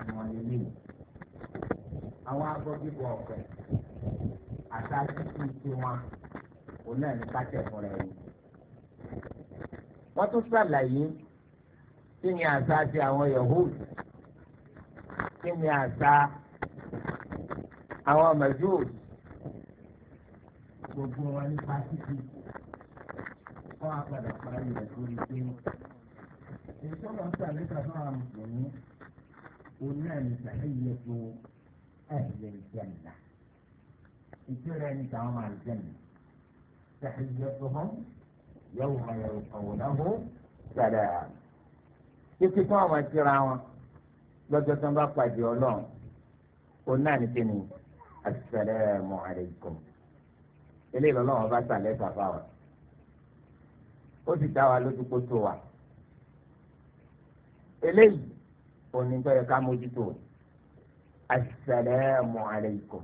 àwọn ilé àwọn agbọ́dìbò ọ̀fẹ́ àtàkì tí tiwọn òun náà ní kájẹ̀ fúnra ẹni. wọ́n tún ṣàlàyé kí ni àṣà ti àwọn Yahudi kí ni àṣà àwọn Majus gbogbo wọn nípa títí wọn á padà parí rẹ̀ lórí pé ìṣọ́nà ń tà nípa mùsùlùmí onáà ní sàhíyẹ tó ẹ̀yẹ ìjẹ̀nà ìtura ẹni táwọn máa jẹ̀nà sàhíyẹ tó hàn yẹ̀wò máa yẹ̀wò kàwọn náà hó sàdà títí fún àwọn ìtura wọn lọ́jọ́ tó ń bá pàdé ọlọ́run onáà ní kíni assalamu alaykum eléyìí lọ́lọ́wọ́ bá sàlẹ̀ bàbá wa ó sì dá wa lójú kó tó wa eléyìí onígbẹ̀rẹ̀ ká mójútó asalaamu alaykum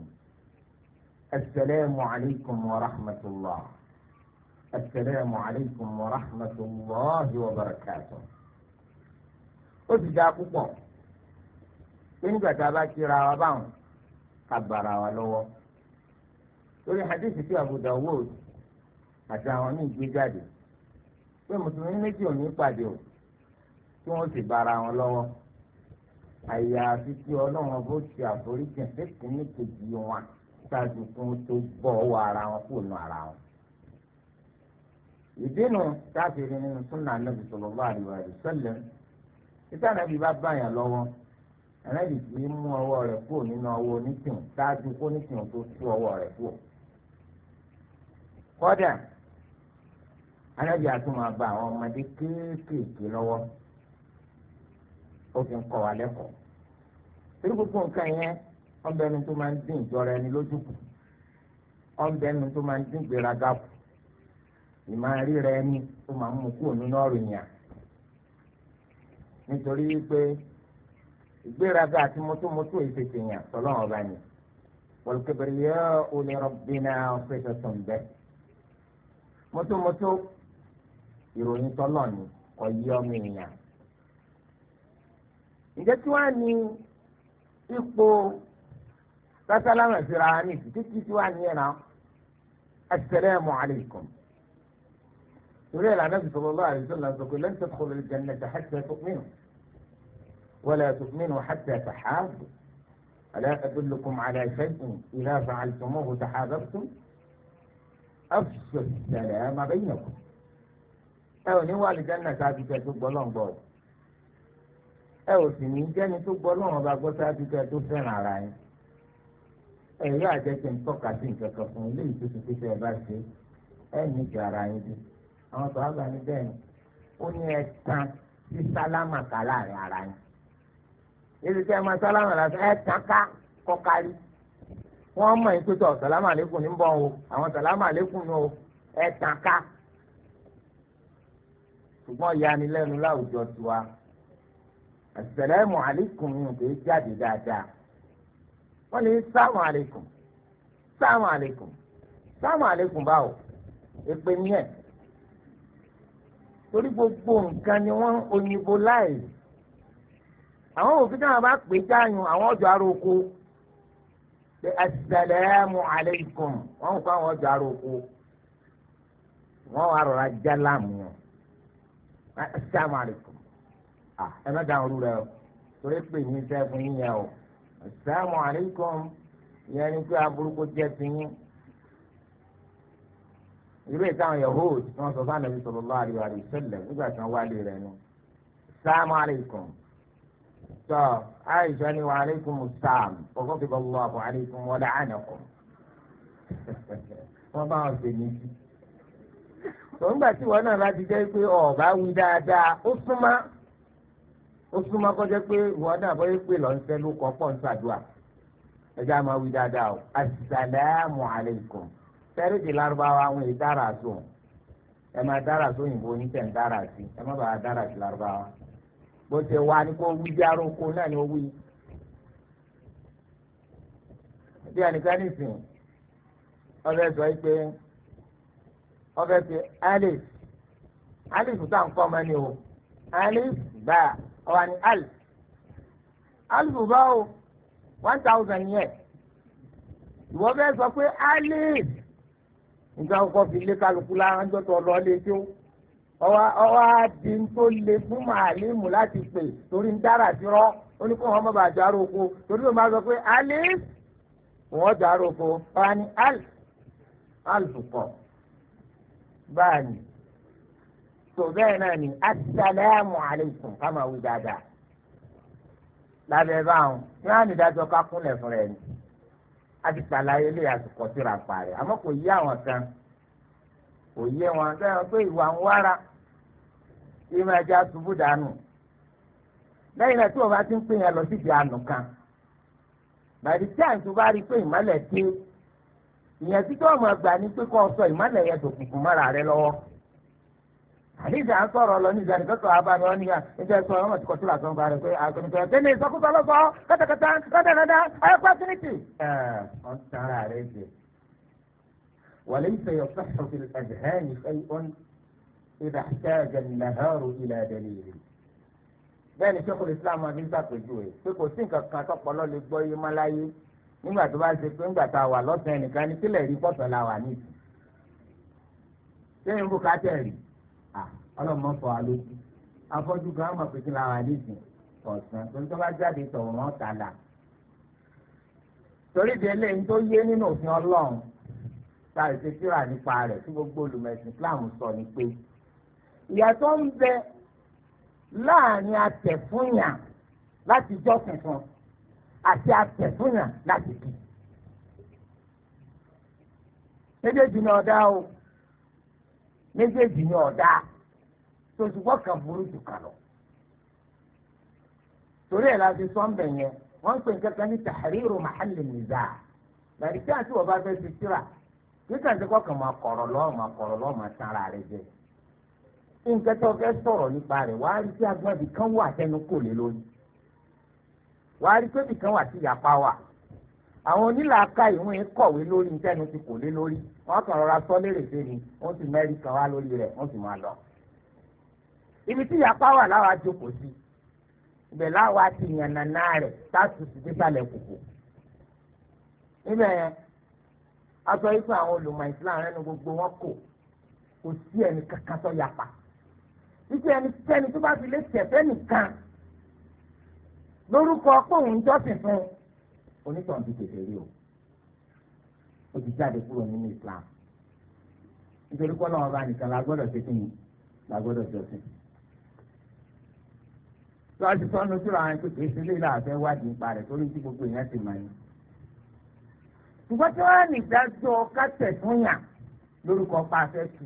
asalaamu alaykum wa rahmatulah asalaamu alaykum wa rahmatulah wa barakatuh. ó ti dáa púpọ̀ pé nígbà tá a bá kíra wa báwọn ká bàrà wa lọ́wọ́ lórí hadith tí Abu Dawud àti àwọn míì gbé jáde pé mùsùlùmí méjì ò ní pàdé o tí wọ́n sì bára wọn lọ́wọ́ àyàfi tí ọlọ́run bó ṣe àforíjì fẹ́kùn ní kejì wọn ṣáàjú fún tó bọ́ ọwọ́ ara wọn kò nu ara wọn. ìdínú káfíìrì nínú súnà anábì sallallahu alaihi wasallam títí anábì bá báyàn lọ́wọ́ anábì kì í mú ọwọ́ rẹ̀ kúrò nínú ọwọ́ onítìhùn ṣáàjú kó nítìhùn tó tú ọwọ́ rẹ̀ kúrò. kọ́dà anábì àtúmọ̀ àgbà àwọn ọmọdé kéékèèké lọ́wọ́ ó fi ń kọ́ wa lẹ́kọ̀ọ́ torí gbogbo nǹkan yẹn ọ̀nbẹ ẹni tó máa ń dín ìjọra ẹni lójú kù ọ̀nbẹ ẹni tó máa ń dín ìgbéraga kù ìmọ̀ ríra ẹni tó máa ń mú kúrò nínú ọ̀rọ̀ ìyàn nítorí pé ìgbéraga àti mọ́tòmọ́tò ìfètè yàn tọ́lọ́wọ́n ọba ni wọ́lùkẹ́bẹ̀rẹ̀ yẹ olè ń bẹ́ mọ́tòmọ́tò ìròyìn tọ́lọ́ ni ọ̀yẹ́ ọmọ ènìyàn ǹjẹ́ tí wàá ní ipò sásálámà síra ní títí tí wàá ní ẹ̀rọ asalaamu alaykum torí ẹ̀rọ anábì sallallahu alaihi wasallam sọ pé lan tadkhulu al-jannata hatta tu'minu wala tu'minu hatta tahabbu ala adullukum ala shay'in idha fa'altumuhu tahabbtum afshu as-salama baynakum ẹ ò ní wàlìjánná sáà ti tẹ̀ tó gbọ́ lọ́ngbọ́n. ẹ ò sì ní jẹ́ni tó gbọ́ lọ́wọ́n bá gbọ́ sáájú kẹ́ ara yín ẹ yóò àjẹsẹ̀ ń tọ́ka sí nǹkan kan fún ilé ìtòsí pé tẹ́ ẹ bá ṣe ara yín bí àwọn tó wá ní bẹ́ẹ̀ ni ó ní ẹ tán sí sálámà ká ara yín ẹ máa sálámà lásán ẹ tán ká kọ́ kárí wọ́n mọ̀ lẹ́kùn ní bọ́n o àwọn lẹ́kùn ní o ẹ tán àsàlámù àlékún yìí kò jáde dáadáa wọ́n lè sáàmù àlékún sáàmù àlékún sáàmù àlékún báwo èpè ní ẹ̀ torí gbogbo nǹkan ni wọ́n òyìnbó láì àwọn òfin náà bá pè jáàyàn àwọn ọjọ́ ara pé àsàlámù àlékún wọ́n kọ́ àwọn ọjọ́ ara oko wà rọra já láàmú yẹn àsàlámù ẹ má dáhùn rú rẹ o torí pé mi fẹ́ fún yín yẹn o assalamu alaikum yẹn ni pé aburúkú jẹ́ ti yín irú ètò àwọn yahood tí wọ́n sọ fún anabi sallallahu alaihi wasallam nígbà tí wọ́n wálé rẹ̀ nu assalamu alaikum tọ́ àìsàn ni wa alaikum salam ọkọ̀ fi bọ́ lọ́wọ́ alaikum wa la'anakum wọ́n bá wọn ṣe níbi. tòun gbà tí wọn náà láti jẹ́ pé ọ̀ọ́ bá wí dáadáa ó súnmọ́ ó súnmọ́ kọjá pé wọ́n dà bọ́ pé lọ́nṣẹ́ ló kọ́ pọ̀ ń ṣàdúrà ẹja wí dáadáa o asàlámù alaykum fẹ́rẹ́dì lárúbáwá àwọn èyí dára so ẹ máa dára so òyìnbó oníṣẹ́ ń dára sí ẹ má bàa dára sí lárúbáwá bó ṣe wá ní kó wí járó oko náà ni ó wí. bí ẹnìkan nìsín ọbẹ̀ sọ pé ọbẹ̀ ti alif alif tá à ń kọ́ ọmọ ni o alif báà ọ̀wà ní alf alf báwo one thousand yẹn ìwọ fẹ́ sọ pé alif nǹkan kọ́kọ́ fi lé kálukú láńjọ́ tó lọ lé tó ọwọ́ adi tó le fún màálímù láti pè torí ń dára sí rọ́ ó ní kó wọn má bàa dárò oko torí ló máa sọ pé alif wọn dárò oko ọ̀hání alf alf kọ báyìí. tó bẹ́ẹ̀ náà ni asalaamu aleykum ká máa wí dáadáa lábẹ́ báwọn ní wọn ànídájọ́ ká kúnlẹ̀ rẹ ni a ti ṣàlàyé lè àsìkò síra parí àmọ́ kò yé àwọn kan kò wọn pé ìwà ń wára máa dànù lẹ́yìn náà tí wọ́n bá ti lọ kan bàbí tí àǹtí bá rí i pé ìmọ̀lẹ̀ ìyẹn o sọ ìmọ̀lẹ̀ yẹn tó kùkù mọ́ra àdìsí à ń sọ̀rọ̀ lọ ní ìjàdí kọ́tọ̀ abáni wọn níyà níta ẹ̀ sọ̀rọ̀ wọn ti kọ́tù làtọ̀ nípa rẹ̀ pé àgbẹ̀nusọ̀ ẹ̀ ní ìsọkúsọ lọ́sọ̀ kátàkátà kátàkátà ayé pàṣínìtì. ẹ wàlẹ́ ìfẹ́ yọ sọ́sọ́ fi ẹ̀dẹ̀hẹ́ni ṣẹ́yìn ìdá ṣẹ́ẹ̀jẹ̀ nàhẹ́rù ilẹ̀ ẹ̀dẹ̀lẹ̀ bẹ́ẹ̀ ni Islam àbí sàpèjúwe ọlọ́mọ fọ alójú afọ́jú kan mọ̀ pé kí la wà nísìn ọ̀sán tó ń tọ́ bá jáde tọ̀wọ̀ wọn tà là. torí ìdí eléyìí tó yé nínú òfin ọlọ́run ta ìṣe síra nípa rẹ̀ tí gbogbo olùmẹ̀sìn Islam sọ ni pé ìyàtọ̀ ń bẹ láàrin atẹ̀fúnyà láti jọ́ tuntun àti atẹ̀fúnyà láti kì. méjèèjì ni ọ̀dá o. méjèèjì ni ọ̀dà tòṣùgbọ́n kan burú jù kan lọ. torí ẹ̀ la ti sọ ń bẹ̀ yẹn wọ́n ń pè ní kankan ní tahriru mahalli nizaa làrí tí àti ọba fẹ́ ti kíkà ti kọ́ máa kọ̀rọ̀ lọ́ọ̀ máa kọ̀rọ̀ lọ́ọ̀ máa tara rẹ jẹ. nǹkan tó fẹ́ sọ̀rọ̀ nípa rẹ̀ rí kan wà tẹnu kò lé rí kan wà ìyapa wà. àwọn onílàáká ìwọ̀n yẹn kọ̀wé lórí ntẹ́nu ti kò lé lórí wọ́n kàn rọra sọ lérè ni wọ́n sì mẹ́rin kan wá lórí rẹ̀ wọ́n sì máa lọ. ibi tí ìyapa wà láwa jókòó sí ibẹ̀ láwa ti yànnà náà rẹ̀ táàtù sì dé sàlẹ̀ kòkò. níbẹ̀ yẹn a sọ yìí fún àwọn olùmọ̀ ìsìláàmù rẹ̀ ní gbogbo wọn kò kò sí ẹni kankan tó yapa. títí ẹni tẹ́ni tó bá fi lé tẹ̀fẹ́ nìkan lórúkọ pé jọ́sìn fún un onítàn ti tètè rí o ó ti jáde kúrò nínú Islam nítorí kọ́ náà ọba nìkan la gbọ́dọ̀ ṣe kíni la gbọ́dọ̀ jọ́sìn. tó a ti sọnù síra àwọn pé kìí sílé ìlà àfẹ́ wádìí nípa rẹ̀ torí tí gbogbo èèyàn ti mọ̀ ní. ṣùgbọ́n tí wọ́n á nìdájọ́ kásẹ̀ fún yàn lórúkọ pa afẹ́ tù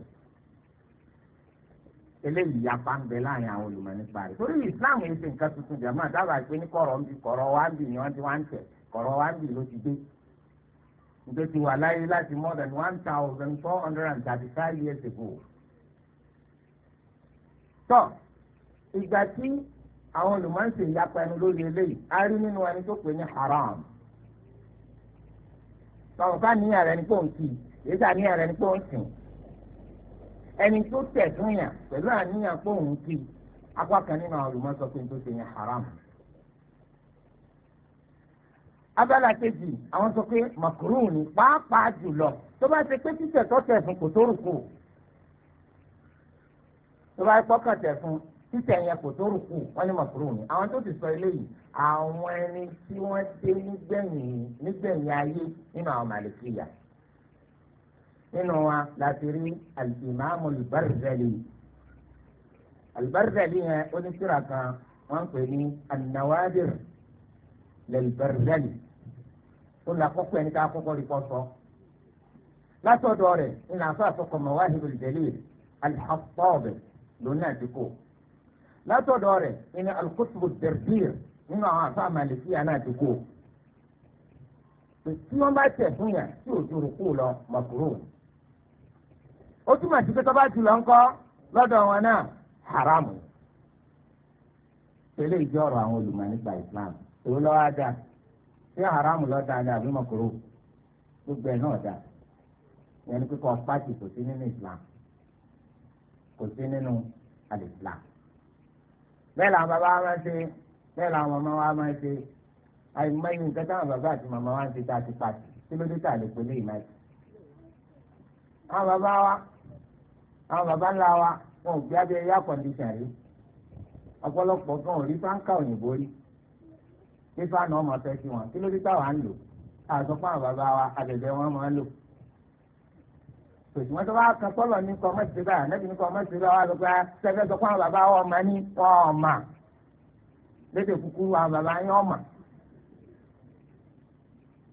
eléyìí yapa ń bẹ láàrin àwọn olùmọ̀ nípa rẹ̀ torí Islam yìí ṣe nǹkan tuntun jàmáà dábàá pé ní kọ̀rọ̀ ń bi kọ̀rọ̀ wá ń bì ni wọ́n ti wá ń tẹ̀ kọ̀rọ̀ wa ń bì ló ti dé ìgbé ti wà láyé láti more than one thousand four hundred and thirty five years ago. tọ́ ìgbà tí àwọn olùmọ̀ọ́sẹ̀ ìyapa ẹnu lórí eléyìí a rí nínú ẹni tó pè ní haram. sọ̀rọ̀ ká níyàn rẹ̀ ní pò ń kì í èyí sàníyàn rẹ̀ ní pò ń sìn. ẹni tó tẹ̀ fún yàn pẹ̀lú àníyàn pò ń kì í apá kan nínú àwọn olùmọ̀ọ́sọ̀ pé ń tó ṣe ní haram abala kejì àwọn sọ pé màkúrú ni pàápàá jùlọ tó bá ṣe pé títẹ̀ tó tẹ̀ fún kò tó rù kù tó bá pọ́kàn tẹ̀ fún títẹ̀ yẹn kò tó rù kù wọ́n ní màkúrú ni àwọn tó ti sọ eléyìí àwọn ẹni tí wọ́n dé nígbẹ̀yìn nígbẹ̀yìn ayé nínú àwọn màlìkìyà nínú wa láti rí alìsìmáàmù alìbárzẹ̀lì alìbárzẹ̀lì yẹn ó kan wọ́n pè ní anáwádìr lẹ́lìbárzẹ̀lì ó là kọ́kọ́ ẹni tá a kọ́kọ́ rí kọ́sọ́ látọ̀dọ̀ rẹ̀ ìlànà àfa àfọkọ̀ mawahibul jalil al-Hattab lónà àdìkò látọ̀dọ̀ rẹ̀ ìní al-Qutb ad-Dardir nínú àwọn àfa Malikiya náà àdìkò tí wọ́n bá tẹ̀ fún yàn tí ò ju rúkú lọ mọ̀kúrò ó túmọ̀ sí pé tọ́ba jùlọ ńkọ́ lọ́dọ̀ wọn náà haramu tẹ́lẹ̀ ìjọ àwọn olùmọ̀ nípa Islam ṣé haramu ni àbí mọ̀kòrò gbogbo ẹ̀ náà pàtì kò sí nínú islam kò sí nínú alìsílám bẹ́ẹ̀ làwọn bàbá wa máa ń ṣe bẹ́ẹ̀ làwọn wa máa ń ṣe nǹkan táwọn bàbá àti wa ń a ti pàtì kí ló dé tà lè wa àwọn bàbá ńlá wa wọn ò gbé abẹ́ rí gan fáńkà fífà náà ọmọ fẹ́ sí wọn kí ló dé táwa ń lò àtọ́pọ̀ àwọn bàbá wa àbẹ̀bẹ̀ wọn máa ń lò tòṣùwọ́n tó bá kan sọ́lọ̀ ní kọ́ mọ́ ìṣẹ́gbà nẹ́bí ní kọ́ mọ́ ìṣẹ́gbà wa sọ fún àwọn bàbá wa ọmọ ní ọ̀ọ́mà lédè kúkúrú àwọn bàbá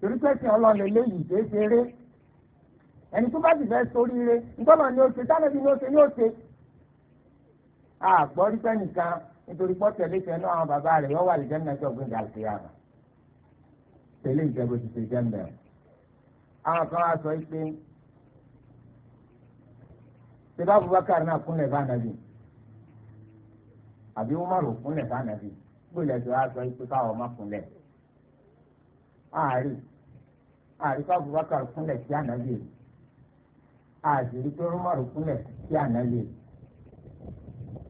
yín torí léyìí ṣe eré ẹni tó bá nítorí pọ́ tẹ̀lé tẹ̀lé àwọn bàbá rẹ̀ yọ wà lè jẹ́nu ẹjọ́ gbé gàlùkì àná tẹ̀lé ìjẹ́bù ti ṣe jẹ́nu ẹ̀. àwọn kan wá sọ pé sèbá Abubakar náà kúnlẹ̀ bá nàbì àbí Umar kúnlẹ̀ bá nàbì gbọ́dọ̀ ẹ̀jọ̀ wá sọ pé káwọn má kúnlẹ̀ àárí àárí ká Abubakar kúnlẹ̀ sí ànábì àṣírí pé Umar kúnlẹ̀ sí ànábì.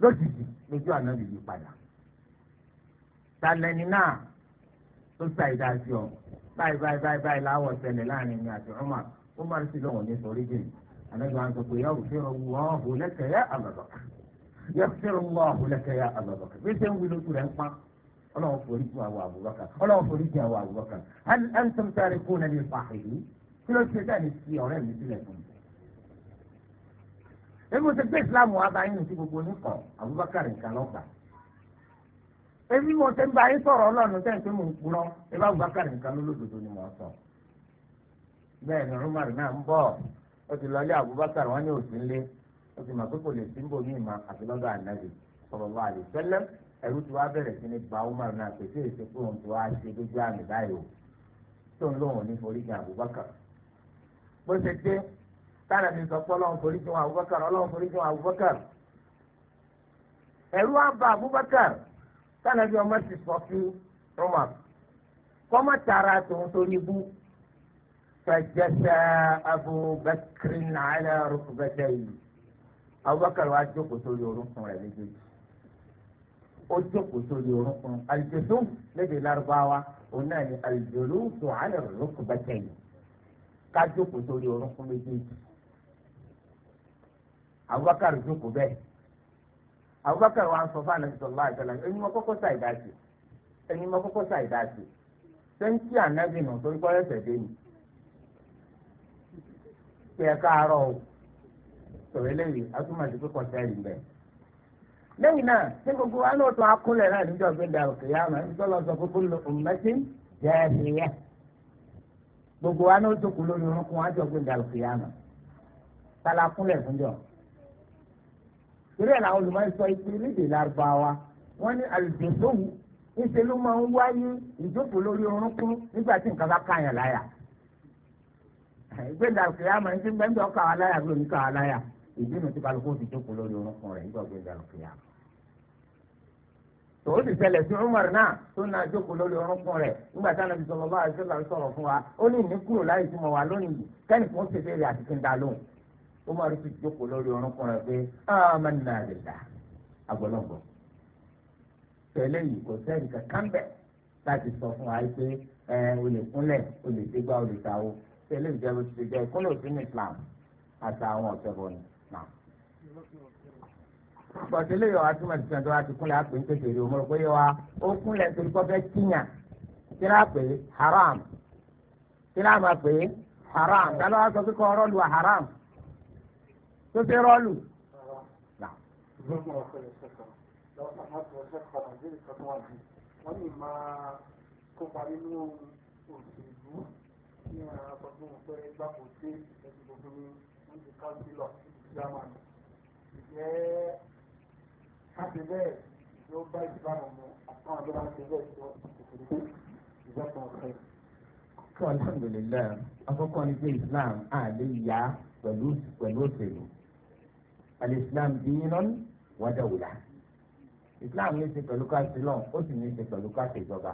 lójijì lójú ànábì yí padà talẹni náà tó sa ìdá sí ọ báyìí báyìí báyìí báyìí láwọ ṣẹlẹ̀ láàrin mi àti Umar Umar sì lọ́wọ́ ní sọrí jìn ànábì wa ń sọ pé yà ó fẹ́ràn wọ́n ọ̀hún lẹ́kẹ̀ẹ́ yà àbàbà yà fẹ́ràn wọ́n ọ̀hún lẹ́kẹ̀ẹ́ yà àbàbà bí ṣe ń wí lóṣù rẹ̀ ń pa ọlọ́wọ́ forí jìn àwọn Abubakar ọlọ́wọ́ forí jìn àwọn Abubakar ẹn tó ń sáré kó nani fàáyé kí ló ṣe dáni sí ọ̀rẹ́ mi sílẹ̀ fún mi ebi mo ti gbé islam wa bá yín sí gbogbo nìkan abubakar nǹkan lọ́gbà ebi mo ti ń bá yín sọ̀rọ̀ ọlọ́run tẹ́ ń pé mo ń purọ́ ebi abubakar nǹkan lólódodo ni mo sọ bẹ́ẹ̀ ni rumar náà ń bọ̀ ó ti lọlé abubakar wọn ní òsì ńlé ó ti mọ̀ pé kò lè sí ń bò ní ìmọ̀ àti lọ́dọ̀ ànábì sallallahu alaihi wasallam ẹ̀rú ti wá bẹ̀rẹ̀ sí ní gba umar náà pèsè èsì pé òun ti wá ṣe dójú àmì báyìí o tó ń lóun ní forí abubakar bó ṣe dé tánà mi sọ pé ọlọ́run forí jìn Abubakar ọlọ́run forí jìn Abubakar ẹ̀rú àbá Abubakar tánà bí ọmọ ti sọ sí Umar kọ́mọ tààrà tòun tó níbú fẹjẹsẹ Abubakar nàálẹ rúkúbẹsẹ yìí Abubakar wa jókòó sórí orúnkún rẹ̀ méjèèjì ó jókòó sórí orúnkún àlùjọsọ lédè Lárúbáwá òun náà ni àlùjọsọ àlẹ rúkúbẹsẹ yìí ká sórí orúnkún méjèèjì. Abubakar jókòó bẹ́ẹ̀ Abubakar wa ń sọ fún anabi sọlá àjọlá ẹni mọ kọ́kọ́ sá ìdá sí ẹni mọ kọ́kọ́ sá ìdá sí sẹńtì anabi nù torí pé ẹsẹ dé mi pé ẹ káàárọ̀ o sọ̀rọ̀ eléyìí atúmọ̀sí pé kọ̀sẹ́ẹ̀lì bẹ́ẹ̀ lẹ́yìn náà tí gbogbo wa náà tún akúnlẹ̀ náà níjọ́ gbẹ̀dẹ̀ àròkèyà àmọ́ ẹni tó sọ pé lọ òmùmẹ́sí jẹ́ ẹ̀sìn gbogbo wa náà tó kú lórí orúnkún wa jọ gbẹ̀dẹ̀ àròkèyà àmọ́ tala kúnlẹ̀ fúnjọ́ torí ẹ̀ làwọn olùmọ̀ sọ ipe lédè lárúbáwá wọ́n ní àlùdẹ̀sọ́wù ńṣe ló máa ń wáyé ìjókòó lórí orúnkún nígbà tí nǹkan bá káyàn láyà ìgbéga òkè àmọ́ ẹni tí ń bẹ́ńdọ̀ kà wá láyà lónìí kà wá láyà ìdí nu tí balùwẹ̀ kó fi jókòó lórí orúnkún rẹ̀ nígbà ìgbéga òkè àmọ́ tòun ti ṣẹlẹ̀ sí Umar náà tó náà jókòó lórí orúnkún rẹ̀ nígbà tí Ànábì sallallahu alaihi wasallam sọ̀rọ̀ fún wa ó ní ìníkúrò láyé tí Umar ti jókòó lórí orúnkún rẹ pé amanna billah agbọlọgbọ tẹlẹ yìí kò sẹ́ni kankan bẹ̀ láti sọ fún wa pé ẹ o lè kúnlẹ̀ o lè dégbà o lè tàwọ tẹlẹ ìjẹun ti ti jẹ ìkúnlẹ̀ òsínú Islam àtàwọn ọ̀sẹ̀ bọ̀ ni náà bọ̀dé lè yọ àtúmọ̀ ti sàn tó kúnlẹ̀ àpè ń kékeré o mo rò pé yẹ wa ó kúnlẹ̀ torí kọ́ fẹ́ kíyàn kíra pé haram kíra mà pé haram dáná wa sọ pé tó ṣe rọ́ọ̀lù. wọ́n ní máa kópa nínú òṣèlú ní àkọ́tún pé gbàgbọ́ sí ẹ̀sìn gbogbo ní ní káńsílọ̀ germany ìjẹ́ káṣí bẹ́ẹ̀ ló bá ìsìlámù mu àtàwọn ọjọ́ bá ń ṣe bẹ́ẹ̀ tó òṣèlú ìjọba ọ̀fẹ́. kí alhamdulilayi akọ́kọ́ ni àlè yá pẹ̀lú òṣèlú alislam diinan wadawula islam ní í ṣe pẹ̀lú ká sílọ̀ ó sì ní í ṣe pẹ̀lú ká ṣèjọba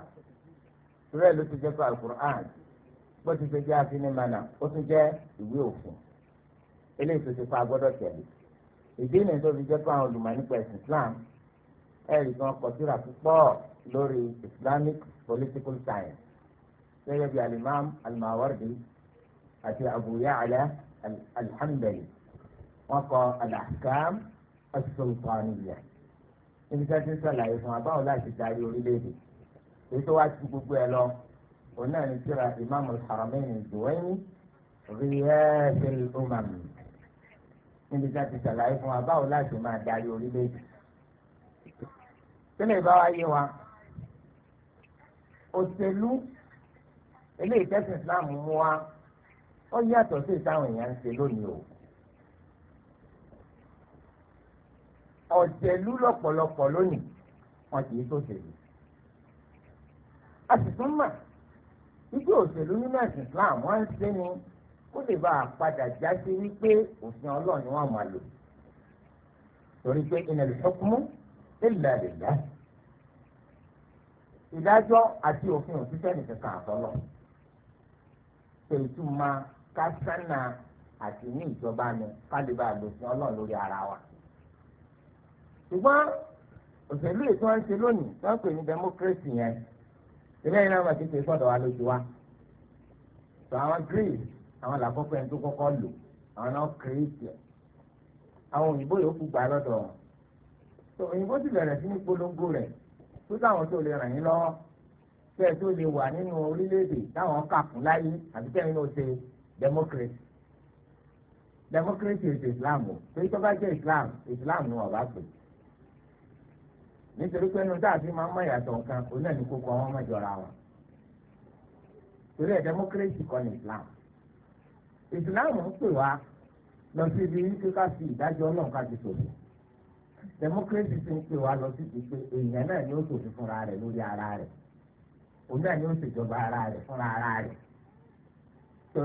sùrẹ́ ló ti jẹ́ pé alukur'an bó ti ṣe jẹ́ afinimana ó tún jẹ́ ìwé òfin eléyìí tó ti fa agbọ́dọ̀ tẹ̀lé ìdí ni tó fi jẹ́ pé àwọn olùmọ̀ nípa ẹ̀sìn islam ẹ̀rí kan kọ síra púpọ̀ lórí islamic political science gẹ́gẹ́ bí alimam almawardi àti abu ya'la alhamdulilayi wọ́n kọ al-ahkam as-sultaniyya níbi tí wọ́n ti ń sàlàyé fún wa báwo láti darí orílẹ̀-èdè èyí tó wá sí gbogbo ẹ lọ òun náà ní tírà ìmáàmù al-haramayn al-juwayni riyadul umam níbi tí wọ́n ti sàlàyé fún wa báwo láti máa darí orílẹ̀-èdè tẹ́lẹ̀ bá yé wa òṣèlú eléyìí tẹ́sán Islam mú wa ó yàtọ̀ sí ìtàwọn èèyàn ń ṣe lónìí o. ọ̀tẹ̀lú lọ́pọ̀lọpọ̀ lónìí wọn kì í tó ṣèlú. a sì wípé òṣèlú nínú ẹ̀sìn Islam wọ́n ń ṣe ni kó lè bá a padà já sí wípé òfin Ọlọ́run ni wọ́n máa lò. torí pé inal hukmu illa lillah ìdájọ́ àti òfin òṣìṣẹ́ nìkan kan àtọ́lọ̀ ṣètùmá kásánà àti ní ìjọba ni ká lè bá a lòfin Ọlọ́run lórí ara wa ṣùgbọ́n òṣèlú ètò à ń ṣe lónìí tó ń pè ní democracy yẹn ìbẹ́ yìí náà wà títí sọ́dọ̀ wa lójú wa tó àwọn greece àwọn làkọ́kọ́ ẹni tó kọ́kọ́ lò àwọn náà create ẹ̀ àwọn òyìnbó yòókù gbà lọ́dọ̀ wọn tó òyìnbó sì bẹ̀rẹ̀ sí ní polongo rẹ̀ tó táwọn tó lè ràn yín lọ́wọ́ kí ẹ tó lè wà nínú orílẹ̀-èdè táwọn kà fún láyé àti kẹ́rin ló ṣe democracy democracy is Islam o torí tó bá jẹ́ Islam Islam ni wọ́n bá pè é nítorí pé inú tá a máa ń mọ ìyàtọ̀ nǹkan òun náà ní kókó àwọn ọmọ ìjọra wọn torí ẹ̀ democracy kọ́ ní Islam Islam ń pè wá lọ sí ibi wípé ká fi ìdájọ́ ọlọ́run ká fi sòfin democracy ti ń pè wá lọ sí ibi pé èèyàn náà ni ó sòfin fúnra rẹ̀ lórí ara rẹ̀ òun náà ni ó ṣèjọba ara rẹ̀ fúnra ara rẹ̀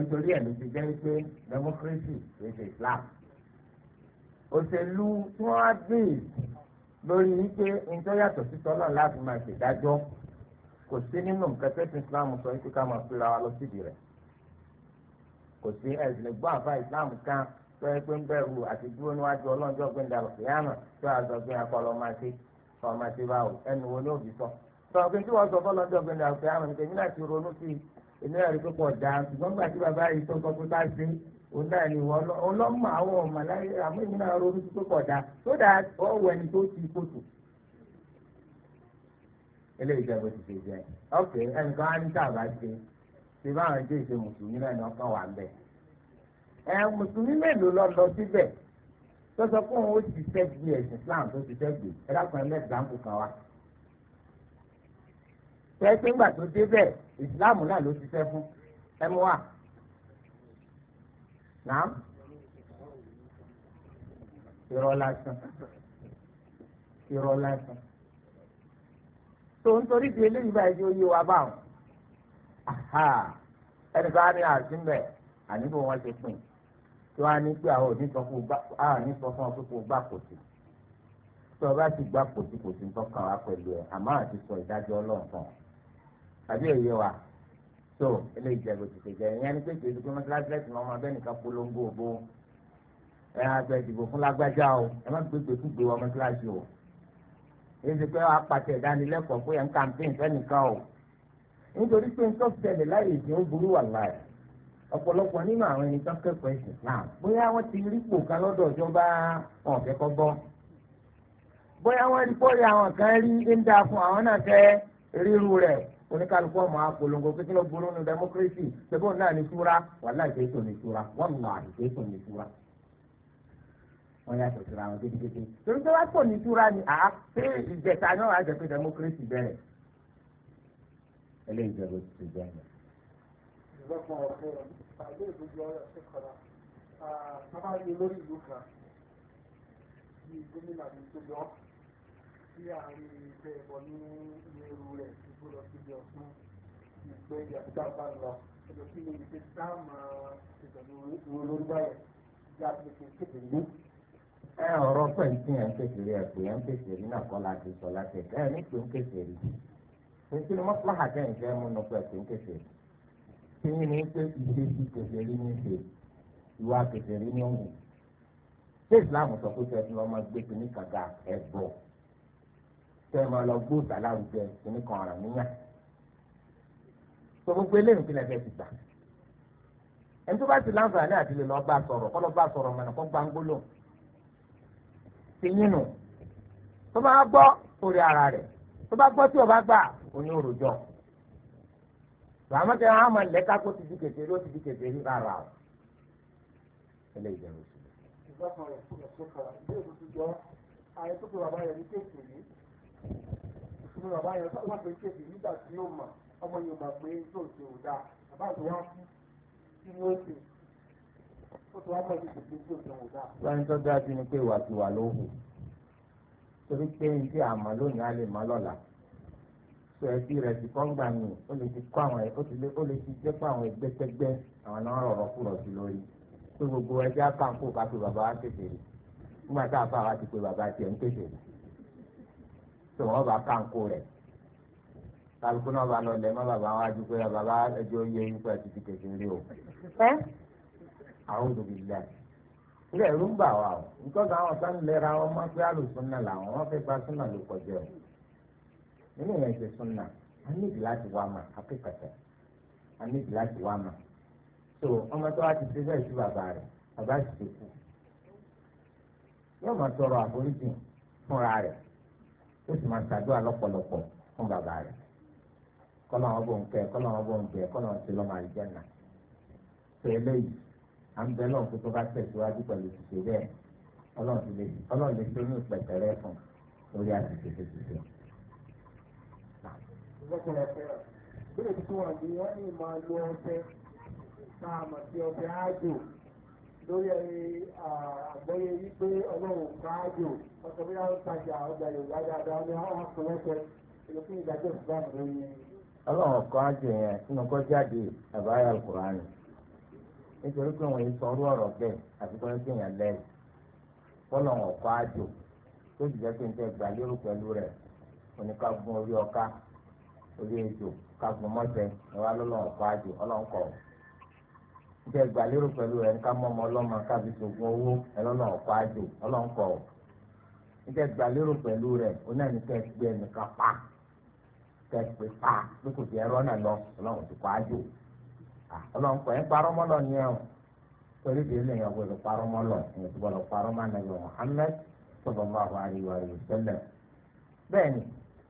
torí ẹ̀ ló ti jẹ́ wípé democracy kì ṣe Islam òṣèlú tí wọ́n á gbé lórí wípé nǹkan yàtọ̀ sí tọ́lá láti máa ṣèdájọ́ kò sí nínú nǹkan tẹ́sí islam sọ wípé ká máa fi ra wa lọ síbi rẹ̀ kò sí ẹ̀sìn ìgbọ́ àfa islam kan tó yẹ pé ń bẹ̀rù àti dúró níwájú ọlọ́njọ́ pé ń darọ̀ fìyàmà tó yà sọ pé akọ lọ́ọ́ máa ṣe lọ́ọ́ máa ṣe báwo ẹnu wo ni òbí sọ. sọ pé tí wọ́n sọ fọlọ́njọ́ pé ń darọ̀ fìyàmà nípa èmi ronú sí i èmi náà dáa ṣùgbọ́n gbà òun náà ni ọlọ́mọ àwọn ọmọ láyé àmọ́ ìwé náà ronú tó pọ̀ dá tó dá ọwọ́ ẹni tó ti kóòtù. eléyìí jẹ́ bó ti ṣe jẹ́ ọ̀kẹ́ ẹnìkan á ní tàbá ṣe ṣe báwọn ẹjẹ́ ìṣe mùsùlùmí náà ní ọkàn wà bẹ́ẹ̀. ẹ mùsùlùmí mélòó lọ lọ síbẹ̀ tó sọ fún òun ó ti fẹ́ ẹ̀sìn Islam tó ti fẹ́ gbé ẹ dákun ẹ mẹ́tìláńkù kan wá. tẹ́ẹ́tẹ́gbà wa nàám irọ́ lásán irọ́ lásán tó ń torí di eléyìí báyìí tí ó yé wa báwọn ẹnì bá ní àtúnbẹ̀ àníbò wọn ti pín tí wọn á ní pé àwọn òní sọ fún ọ pé kò gbà kò sí tí ọba sì gbà kò sí kò sí wá pẹ̀lú ẹ̀ àmọ́ àti sọ ìdájọ́ ọlọ́run fún ọ tàbí wa so eléyìí jẹ bó ti ṣe jẹ ìyẹn ni pé kì í dúpẹ́ mọ́tíláṣí lẹ́sìn ọmọ abẹ́ nìkan polongo òbó ẹ àgbẹ̀ ìdìbò fún lágbájá o ẹ má gbégbé kú gbé wa mọ́tíláṣí o èyí ti pé wàá pàṣẹ ìdánilẹ́kọ̀ọ́ pé ẹ̀ ń kàmpéǹ fẹ́nìkan o nítorí pé nǹkan ṣẹlẹ̀ láyé ìsìn ó burú wà láyà ọ̀pọ̀lọpọ̀ nínú àwọn ẹni tán kẹ́kọ̀ọ́ ẹ̀sìn Islam bóyá wọ́n ti rí pò kan lọ́dọ̀ ìjọba wọn fẹ́ kọ́ gbọ́ bóyá wọ́n rí pọ́ọ̀rì àwọn kan rí ń dáa fún àwọn náà fẹ́ ríru rẹ̀ oníkálukú ọmọ apolongo kékeré burú nu democracy ṣẹbọn náà ní ṣúra wàhálà ìṣèṣọ ní ṣúra wàhálà ìṣèṣọ ní ṣúra wọn yàtọ̀ síra wọn kékeré torí pé wàá pọ̀ ní ṣúra ni àá pé ìjẹta náà wàá jẹ pé democracy bẹ̀rẹ̀ eléyìí jẹ́ bó ti ti jẹ́ ẹ̀ tí a rí ìfẹ́ ẹ̀bọ̀ ní irú rẹ̀ tó lọ sí ibi ọ̀sán ìgbẹ́ ìyá tó bá lọ ẹ̀dọ̀ kí ni ìfẹ́ táàmù ìgbẹ̀lú olórí báyẹ̀ já ti fi kéde ní. ẹ ọ̀rọ̀ pẹ̀lú tí yẹn ń kékeré ẹ̀ pé yẹn ń kékeré náà kọ́ láti sọ láti ẹ̀ ẹ̀ ní pé ń kékeré pèsè ni mọ́tòláhà jẹ́ ìfẹ́ múnú pé pé ń kékeré tí yín ní pé ìṣesí kékeré ní ṣe ìwà kékeré ní òun ṣé ìsìláàmù sọ pé fẹ́ẹ́ fi ọmọ gbé kínní kàga ẹ̀ tẹ́ ẹ máa lọ gbó ìsàlárùjẹ kìíní kan ọ̀ràn níyà tó gbogbo eléyìí kí lè fẹ́ ti gbà ẹni tó bá ti láǹfààní àti lè lọ bá sọ̀rọ̀ kọ́ lọ bá sọ̀rọ̀ mọ̀nà kọ́ gbangbólò ti yín nù tó bá gbọ́ orí ara rẹ̀ tó bá gbọ́ tí o bá gbà òní òròjọ́ bàmọ́tẹ́ àwọn àmọ́ lẹ́ka kó ti di kẹsẹ̀ ló ti di kẹsẹ̀ rárá o ẹlẹ́ ìjẹun sí i. kan rẹ̀ kúrò sókà ilé ìbùsùn jọ àyẹ̀tò tó bàbá rẹ̀ ní kéèkì yìí ìṣúná bàbá yẹn wọ́n pè é kéde nígbà tí yóò mọ̀ ọmọ yóò mọ̀ pé tó ṣe ò dáa bàbá tó wá kú kí ni ó ṣe ó tó wá mọ̀ sí ìṣèlú tó ṣe ò dáa. wọ́n tó dájú ni pé ìwà ti wà lóhùn torí pé ibi àmọ́ lónìí á lè mọ́ lọ́la sọ ẹbí rẹ̀ ti kọ́ngbà mi ó lè ti kọ́ àwọn ó ti lé ó lè ti jẹ́ pé àwọn ẹgbẹ́tẹ́gbẹ́ àwọn náà rọ̀rọ̀ kúrọ̀ sí lórí pé gbogbo ẹjẹ́ àkàǹkó ká bàbá wa tètè rí nígbà tá a fà wá ti pé bàbá tiẹ̀ ń tètè rí tó wọn bá kánkó rẹ̀ kálukú náà bá lọ lẹ má bàbá wa ju pé bàbá ẹjọ́ yẹ yín pé àti tìkẹ̀ sí ilé o. àwọn òdòdó ìlà ilé ẹ̀rú ń bà wá o nítorí àwọn sáà ń lẹ́ra wọn má pé àlùsùn náà làwọn wọn fẹ́ gba súnà ló kọjá o nínú ìyẹn ṣe súnà a níbi láti wá mà akẹ́kọ̀ọ́ a níbi láti wá mà so ọmọ tó wá ti ṣe bẹ́ẹ̀ sí bàbá rẹ̀ bàbá sì ti kú yóò máa tọrọ àforíjì fúnra rẹ̀. ó sì máa ṣàdúrà lọ́pọ̀lọpọ̀ fún bàbá rẹ̀ kọ́nà wọn bò ń kẹ́ kọ́nà wọn bò ń bẹ̀ kọ́nà wọn ti lọ́ máa jẹ́ nà tẹ́lẹ̀ yìí à ń tó bá tẹ̀síwájú pẹ̀lú bẹ́ẹ̀ ọlọ́run lè ṣe ní ìpẹ̀tẹ̀rẹ́ lórí àgbọ́yé wípé ọlọ́run káàjò ọ̀sọ̀ bí wọ́n tajà ọjà yorùbá dáadáa ní àwọn akọ̀lẹ́sẹ̀ èlò ìdájọ́ ìsìláàmù lórí. ọlọ́run káàjò yẹn nínú kọ́ jáde àbáyà alukur'an nítorí pé wọ́n yìí ọ̀rọ̀ bẹ́ẹ̀ àti kọ́ yẹn lẹ́yìn fọlọ́run káàjò tó jìjẹ́ pé lérò pẹ̀lú rẹ̀ orí bí ẹ gbà lérò pẹ̀lú rẹ̀ ká mọ́ ọmọ ọlọ́mọ kábi sògùn owó ẹlọ́nà ọ̀pá àjò ọlọ́nkọ̀ ọ̀ bí ẹ gbà lérò pẹ̀lú rẹ̀ onáni kẹ́ ẹ gbé ẹnìkan pa kẹ́ ẹ pè pa bí kò sí ẹrọ náà lọ ọlọ́run ti kọ́ àjò ọlọ́nkọ̀ ẹ parọ́ mọ́lọ ni ẹ o torí bí ilé yẹn gbọdọ̀ parọ́ mọ́lọ ẹ̀ ti gbọdọ̀ parọ́ mọ́lọ yọ Muhammad sallallahu alaihi wa sallam bẹ́ẹ̀ ni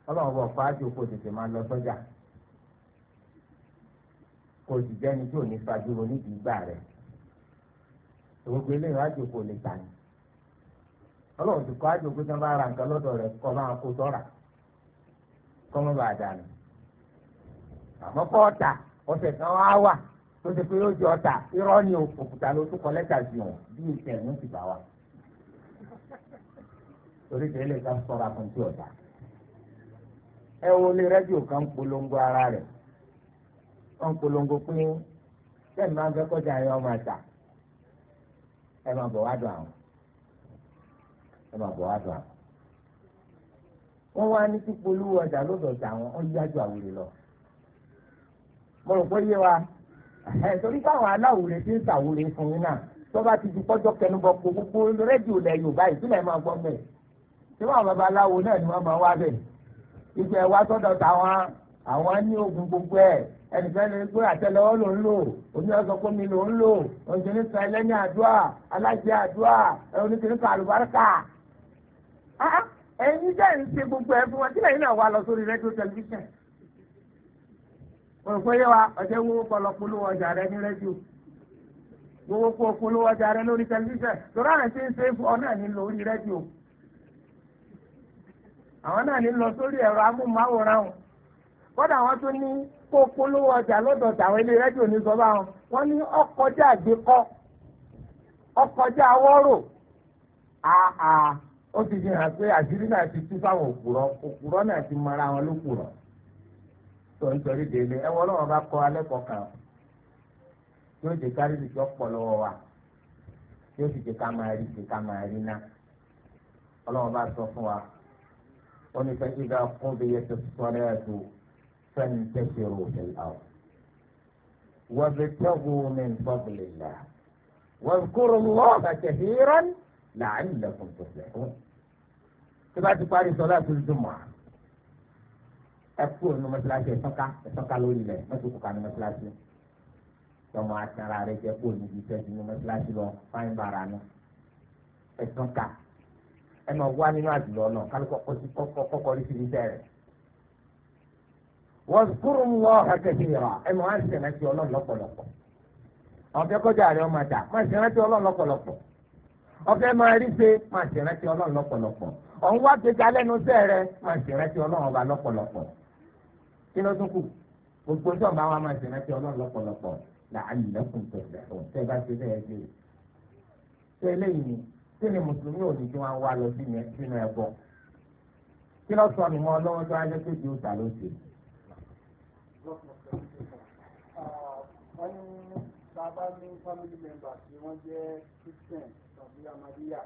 ọlọ́run bọ̀ fáájú kò tètè máa lọ sọ́jà kò sì jẹ́ni tí ò ní fajúro nídìí gbà rẹ̀ gbogbo eléyìí wájú kò lè tàn ọlọ́run ti kọ́ pé sọ́n bá ra nǹkan lọ́dọ̀ rẹ̀ kọ́ máa kó sọ́ra a dànù àmọ́ kọ́ ọ̀tà ọ̀sẹ̀ kan wà tó ṣe pé ó ọ̀tà irọ́ ni òkúta ló tún kọ́ lẹ́tà sí wọn bí ìtẹ̀wọ́n ti bá wa torí tẹ́lẹ̀ sọ́ra fún ti ọ̀tà ẹ wo lé rẹ́díò kan polongo ara wọ́n polongo pé sẹ́ni máa ń fẹ́ kọjá ẹ ọmọ àtà ẹ máa bọ̀ wá dùn àwọn ẹ máa bọ̀ wá dùn àwọn. wọ́n wá ní tí polówó ọjà lọ́dọ̀ọ̀dà àwọn ó yájú àwòrè lọ. mo rò pé yé wa ẹ̀ torí káwọn aláwòrè ti ń ṣàwòrè fún yín náà tọ́ba ti di kọ́jọ́ kẹnubọ́ kó gbogbo rédíò lẹ Yorùbá yìí sílẹ̀ máa gbọ́ mẹ́ẹ̀. tí wọ́n àwọn babaláwo náà ni wọ́n máa wá bẹ̀. ìgbẹ́ wa sọ́dọ̀ táwọn àwọn á ní oògùn gbogbo ẹ̀ ẹnìkan ní pé àtẹ́lẹwọ́ ló ń lò oní ọsàn kómi ló ń lò òǹtẹ̀ní sàn ẹlẹ́ni àdúrà aláṣẹ àdúrà oníkìní kan àlùbáríkà. ẹ̀yin jẹ́ ń ṣe gbogbo ẹ̀ fún wọn sílẹ̀ yìí náà wà lọ sórí rédíò tẹlifíṣàn. òǹkó yé wa ọ̀jẹ̀ wo kọlọ polówó ọjà rẹ ní rédíò gbogbo kó polówó ọjà rẹ lórí tẹlifíṣàn lórí àwọn tí ń ṣe fún ọ náà ní lórí rédíò àwọn náà ní lọ sórí ẹ̀rọ amóhùnmáwòrán wọn kọ́dà wọn tún ní kó polówó ọjà lọ́dọ̀ tàwọn ilé rẹ́díò ní sọ́ba wọn wọ́n ní ọkọjá àgbékọ́ ọkọjá wọ́rọ̀ àà ó ti fi hàn pé àṣírí náà ti tú fáwọn òpùrọ́ òpùrọ́ náà ti mara wọn lópùrọ́ tó ń torí délé ẹ wọ́n lọ́wọ́ bá kọ́ alẹ́ kọkàn yóò jẹ́ kárí ti jọ pọ̀ lọ́wọ́ wa yóò sì jẹ́ ká máa rí jẹ́ ká máa rí ná ọlọ́wọ́ bá sọ fún wa ó ní fẹ́ kí ga kún bí yẹ ti sọ lẹ́yìn tó. فانتشروا في الأرض وابتغوا من فضل الله واذكروا الله كثيرا لعلكم تفلحون تبعت باري صلاة الجمعة أكون مسلاسي سكا سكا لولي لي ما تبقى كان tọmọ atara rẹ jẹ kó níbi ìtẹ́jú ní mọ́ṣáláṣí lọ fáyín bàrà nù ẹ̀sán ká ẹ máa wá nínú àdúrà náà kálukọ́ kọ́kọ́ rí síbi iṣẹ́ rẹ̀ واذكروا الله كثيرا ẹnu á sì rántí ọlọ́run lọ́pọ̀lọpọ̀ ọ̀fẹ́ kọjá rẹ ọmọ àdá máa sì rántí ọlọ́run lọ́pọ̀lọpọ̀ ọ̀fẹ́ máa rí ṣe máa sì rántí ọlọ́run lọ́pọ̀lọpọ̀ ọ̀hún wá gbéga lẹ́nu iṣẹ́ rẹ máa sì rántí ọlọ́run ọba lọ́pọ̀lọpọ̀ kí ló tún kù gbogbo tó ń bá wa máa sì rántí ọlọ́run lọ́pọ̀lọpọ̀ làálùlẹ́kùn tẹ̀sẹ̀ tẹ́ bá ṣe wọ́n ní bàbá ní family member tí wọ́n jẹ́ christian tàbí amadiya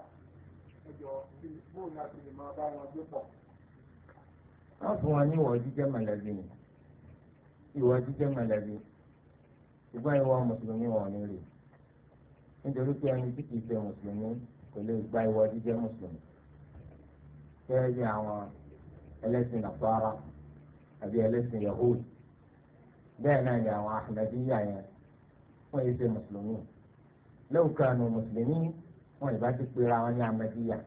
ẹjọ́ bóun ni a ti lè máa bá wọn gbé pọ̀. wọ́n fún wa ní ìwà jíjẹ́ mọ̀lẹ́bí ni ìwà jíjẹ́ mọ̀lẹ́bí ṣùgbọ́n ìwà mùsùlùmí wọn ní rè nítorí pé ẹni tí kìí ṣe mùsùlùmí kò lè gba ìwà jíjẹ́ mùsùlùmí kẹ́ẹ́ bí àwọn ẹlẹ́sìn nàfàrà àbí ẹlẹ́sìn yahood bẹ́ẹ̀ náà ni àwọn ahmadiyya yẹn wọ́n yìí ṣe mùsùlùmí lẹ́wọ̀n kanu mùsùlùmí wọ́n ìbá ti pera wọn ní ahmadiyya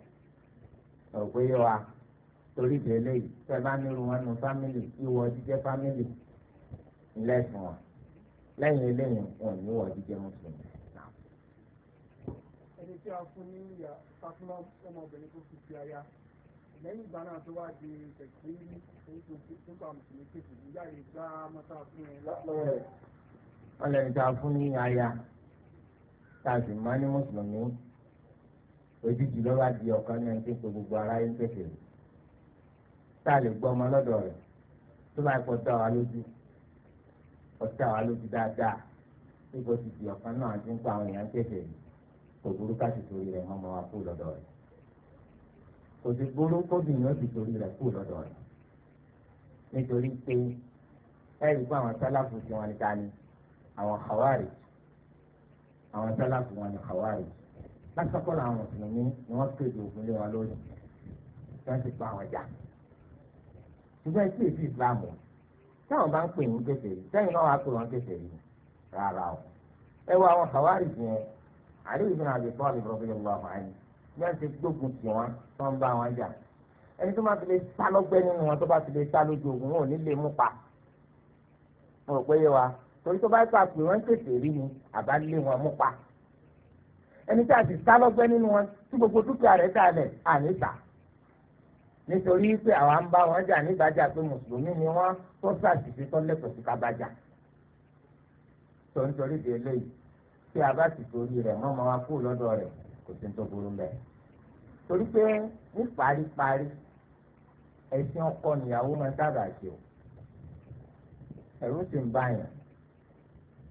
ọ̀gbẹ́ yẹ wa torí délé yìí tẹ́ bá nílùú wọn nu fámìlì ìwọ jíjẹ fámìlì ńlẹ́sìn wọn lẹ́yìn eléyìí wọn ní ìwọ jíjẹ mùsùlùmí. ẹni tí a fún ní ìyá fatima ọmọbìnrin tó fi ti aya lẹ́yìn ìgbà náà tó wá di tẹ̀sí nípa mùsùlùmí kejì ìyá rẹ̀ gbá mọ́tà fún ẹ lọ́wọ́ rẹ̀. wọ́n lẹ́nu tá a fún ní aya tá a sì máa ní mùsùlùmí ojújì lọ́wọ́ di ọ̀kan náà ń pèsè gbogbo ara yín pèsè tá a lè gbọ́ ọmọ lọ́dọ̀ rẹ̀ tó bá kọ́ dá wa lójú ọ̀tá wa lójú dáadáa nígbà tí di ọ̀kan náà ti ń pa àwọn èèyàn pèsè rẹ̀ mọ́mọ́ wa kú kò sí burú kóbìnrin ó ti torí rẹ̀ kú lọ́dọ̀ rẹ̀ nítorí pé ẹ̀rí pé àwọn sálàfù tí wọ́n ta ni àwọn kàwárì àwọn sálàfù wọn ni kàwárì lásìkò làwọn mùsùlùmí ni wọ́n kéde ògùn lé wọn lórí wọ́n ti pa àwọn jà ṣùgbọ́n etí èsì ìsìlámù táwọn bá ń pè yín kéde sẹ́yìn náà wàá pè wọ́n kéde yìí rárá o ẹ wọ àwọn kàwárì yẹn àríwí ibn Abi Talib radiyallahu anhu bí wọ́n ti gbógun tì wọ́n tó ń bá wọn jà ẹni tó bá ti lè sá lọ́gbẹ́ nínú wọn tó bá ti lè sá lójú ogun wọn ò ní lè mú pa mo rò pé yé wa torí tó bá pa pé wọ́n ń tètè rí ni àbá lé wọn mú pa ẹni tí a ti sá lọ́gbẹ́ nínú wọn tí gbogbo dúkìá rẹ̀ kalẹ̀ àní ta nítorí pé àwa ń bá wọn jà nígbàjà pé mùsùlùmí ni wọ́n tó ṣàṣìṣe tó lẹ́kọ̀ọ́ sí kábàjà tó ń torí de eléyìí tí a bá ti torí rẹ̀ mọ́ ọmọ wa kú lọ́dọ̀ rẹ̀ kò sí tó burú mbẹ torí pé ní paríparí ẹ̀sìn ọkọ nìyàwó máa sábà ṣe o ẹ̀rù sì ń báyàn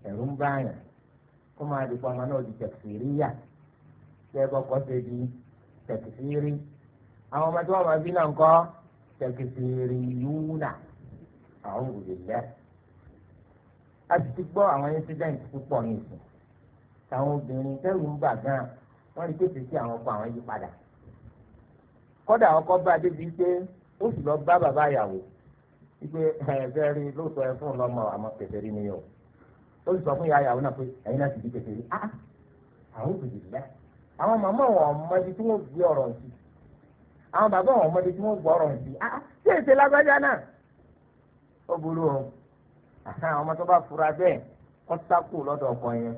ẹ̀rù ń báyàn kó máa di pọ́nmọ́ náà di tẹ̀síríyà tẹ́ bọ́kọ́ ṣe di tẹ̀sírí àwọn ọmọ tí wọ́n máa bí náà ń kọ́ tẹ̀sírí yúnà àwọn òbílẹ̀ a ti ti gbọ́ àwọn incident púpọ̀ nìsín táwọn obìnrin tẹ́rù ń bà gan-an wọ́n rí pèsè sí àwọn ọkọ àwọn yí padà kódà ọkọ bá débi pé ó sì lọ bá bàbá ìyàwó wípé ẹ̀ẹ́dẹ́ rí lóòótọ́ ẹ fún lọ́mọ àmọ́ kèfèrí ni o ó sì sọ fún ìyá ìyàwó náà pé ẹ̀yin náà sì di kèfèrí á àwọn òbí lẹ́ àwọn màmá wọn ọmọdé tí wọ́n gbé ọ̀rọ̀ sí àwọn bàbá wọn ọmọdé tí wọ́n gbọ́ ọ̀rọ̀ sí á ah, ṣé èsè lágbájá náà ó burú o àwọn ọmọ tó bá fura bẹ́ẹ̀ kọ́ sákò lọ́dọ̀ ọkọ yẹn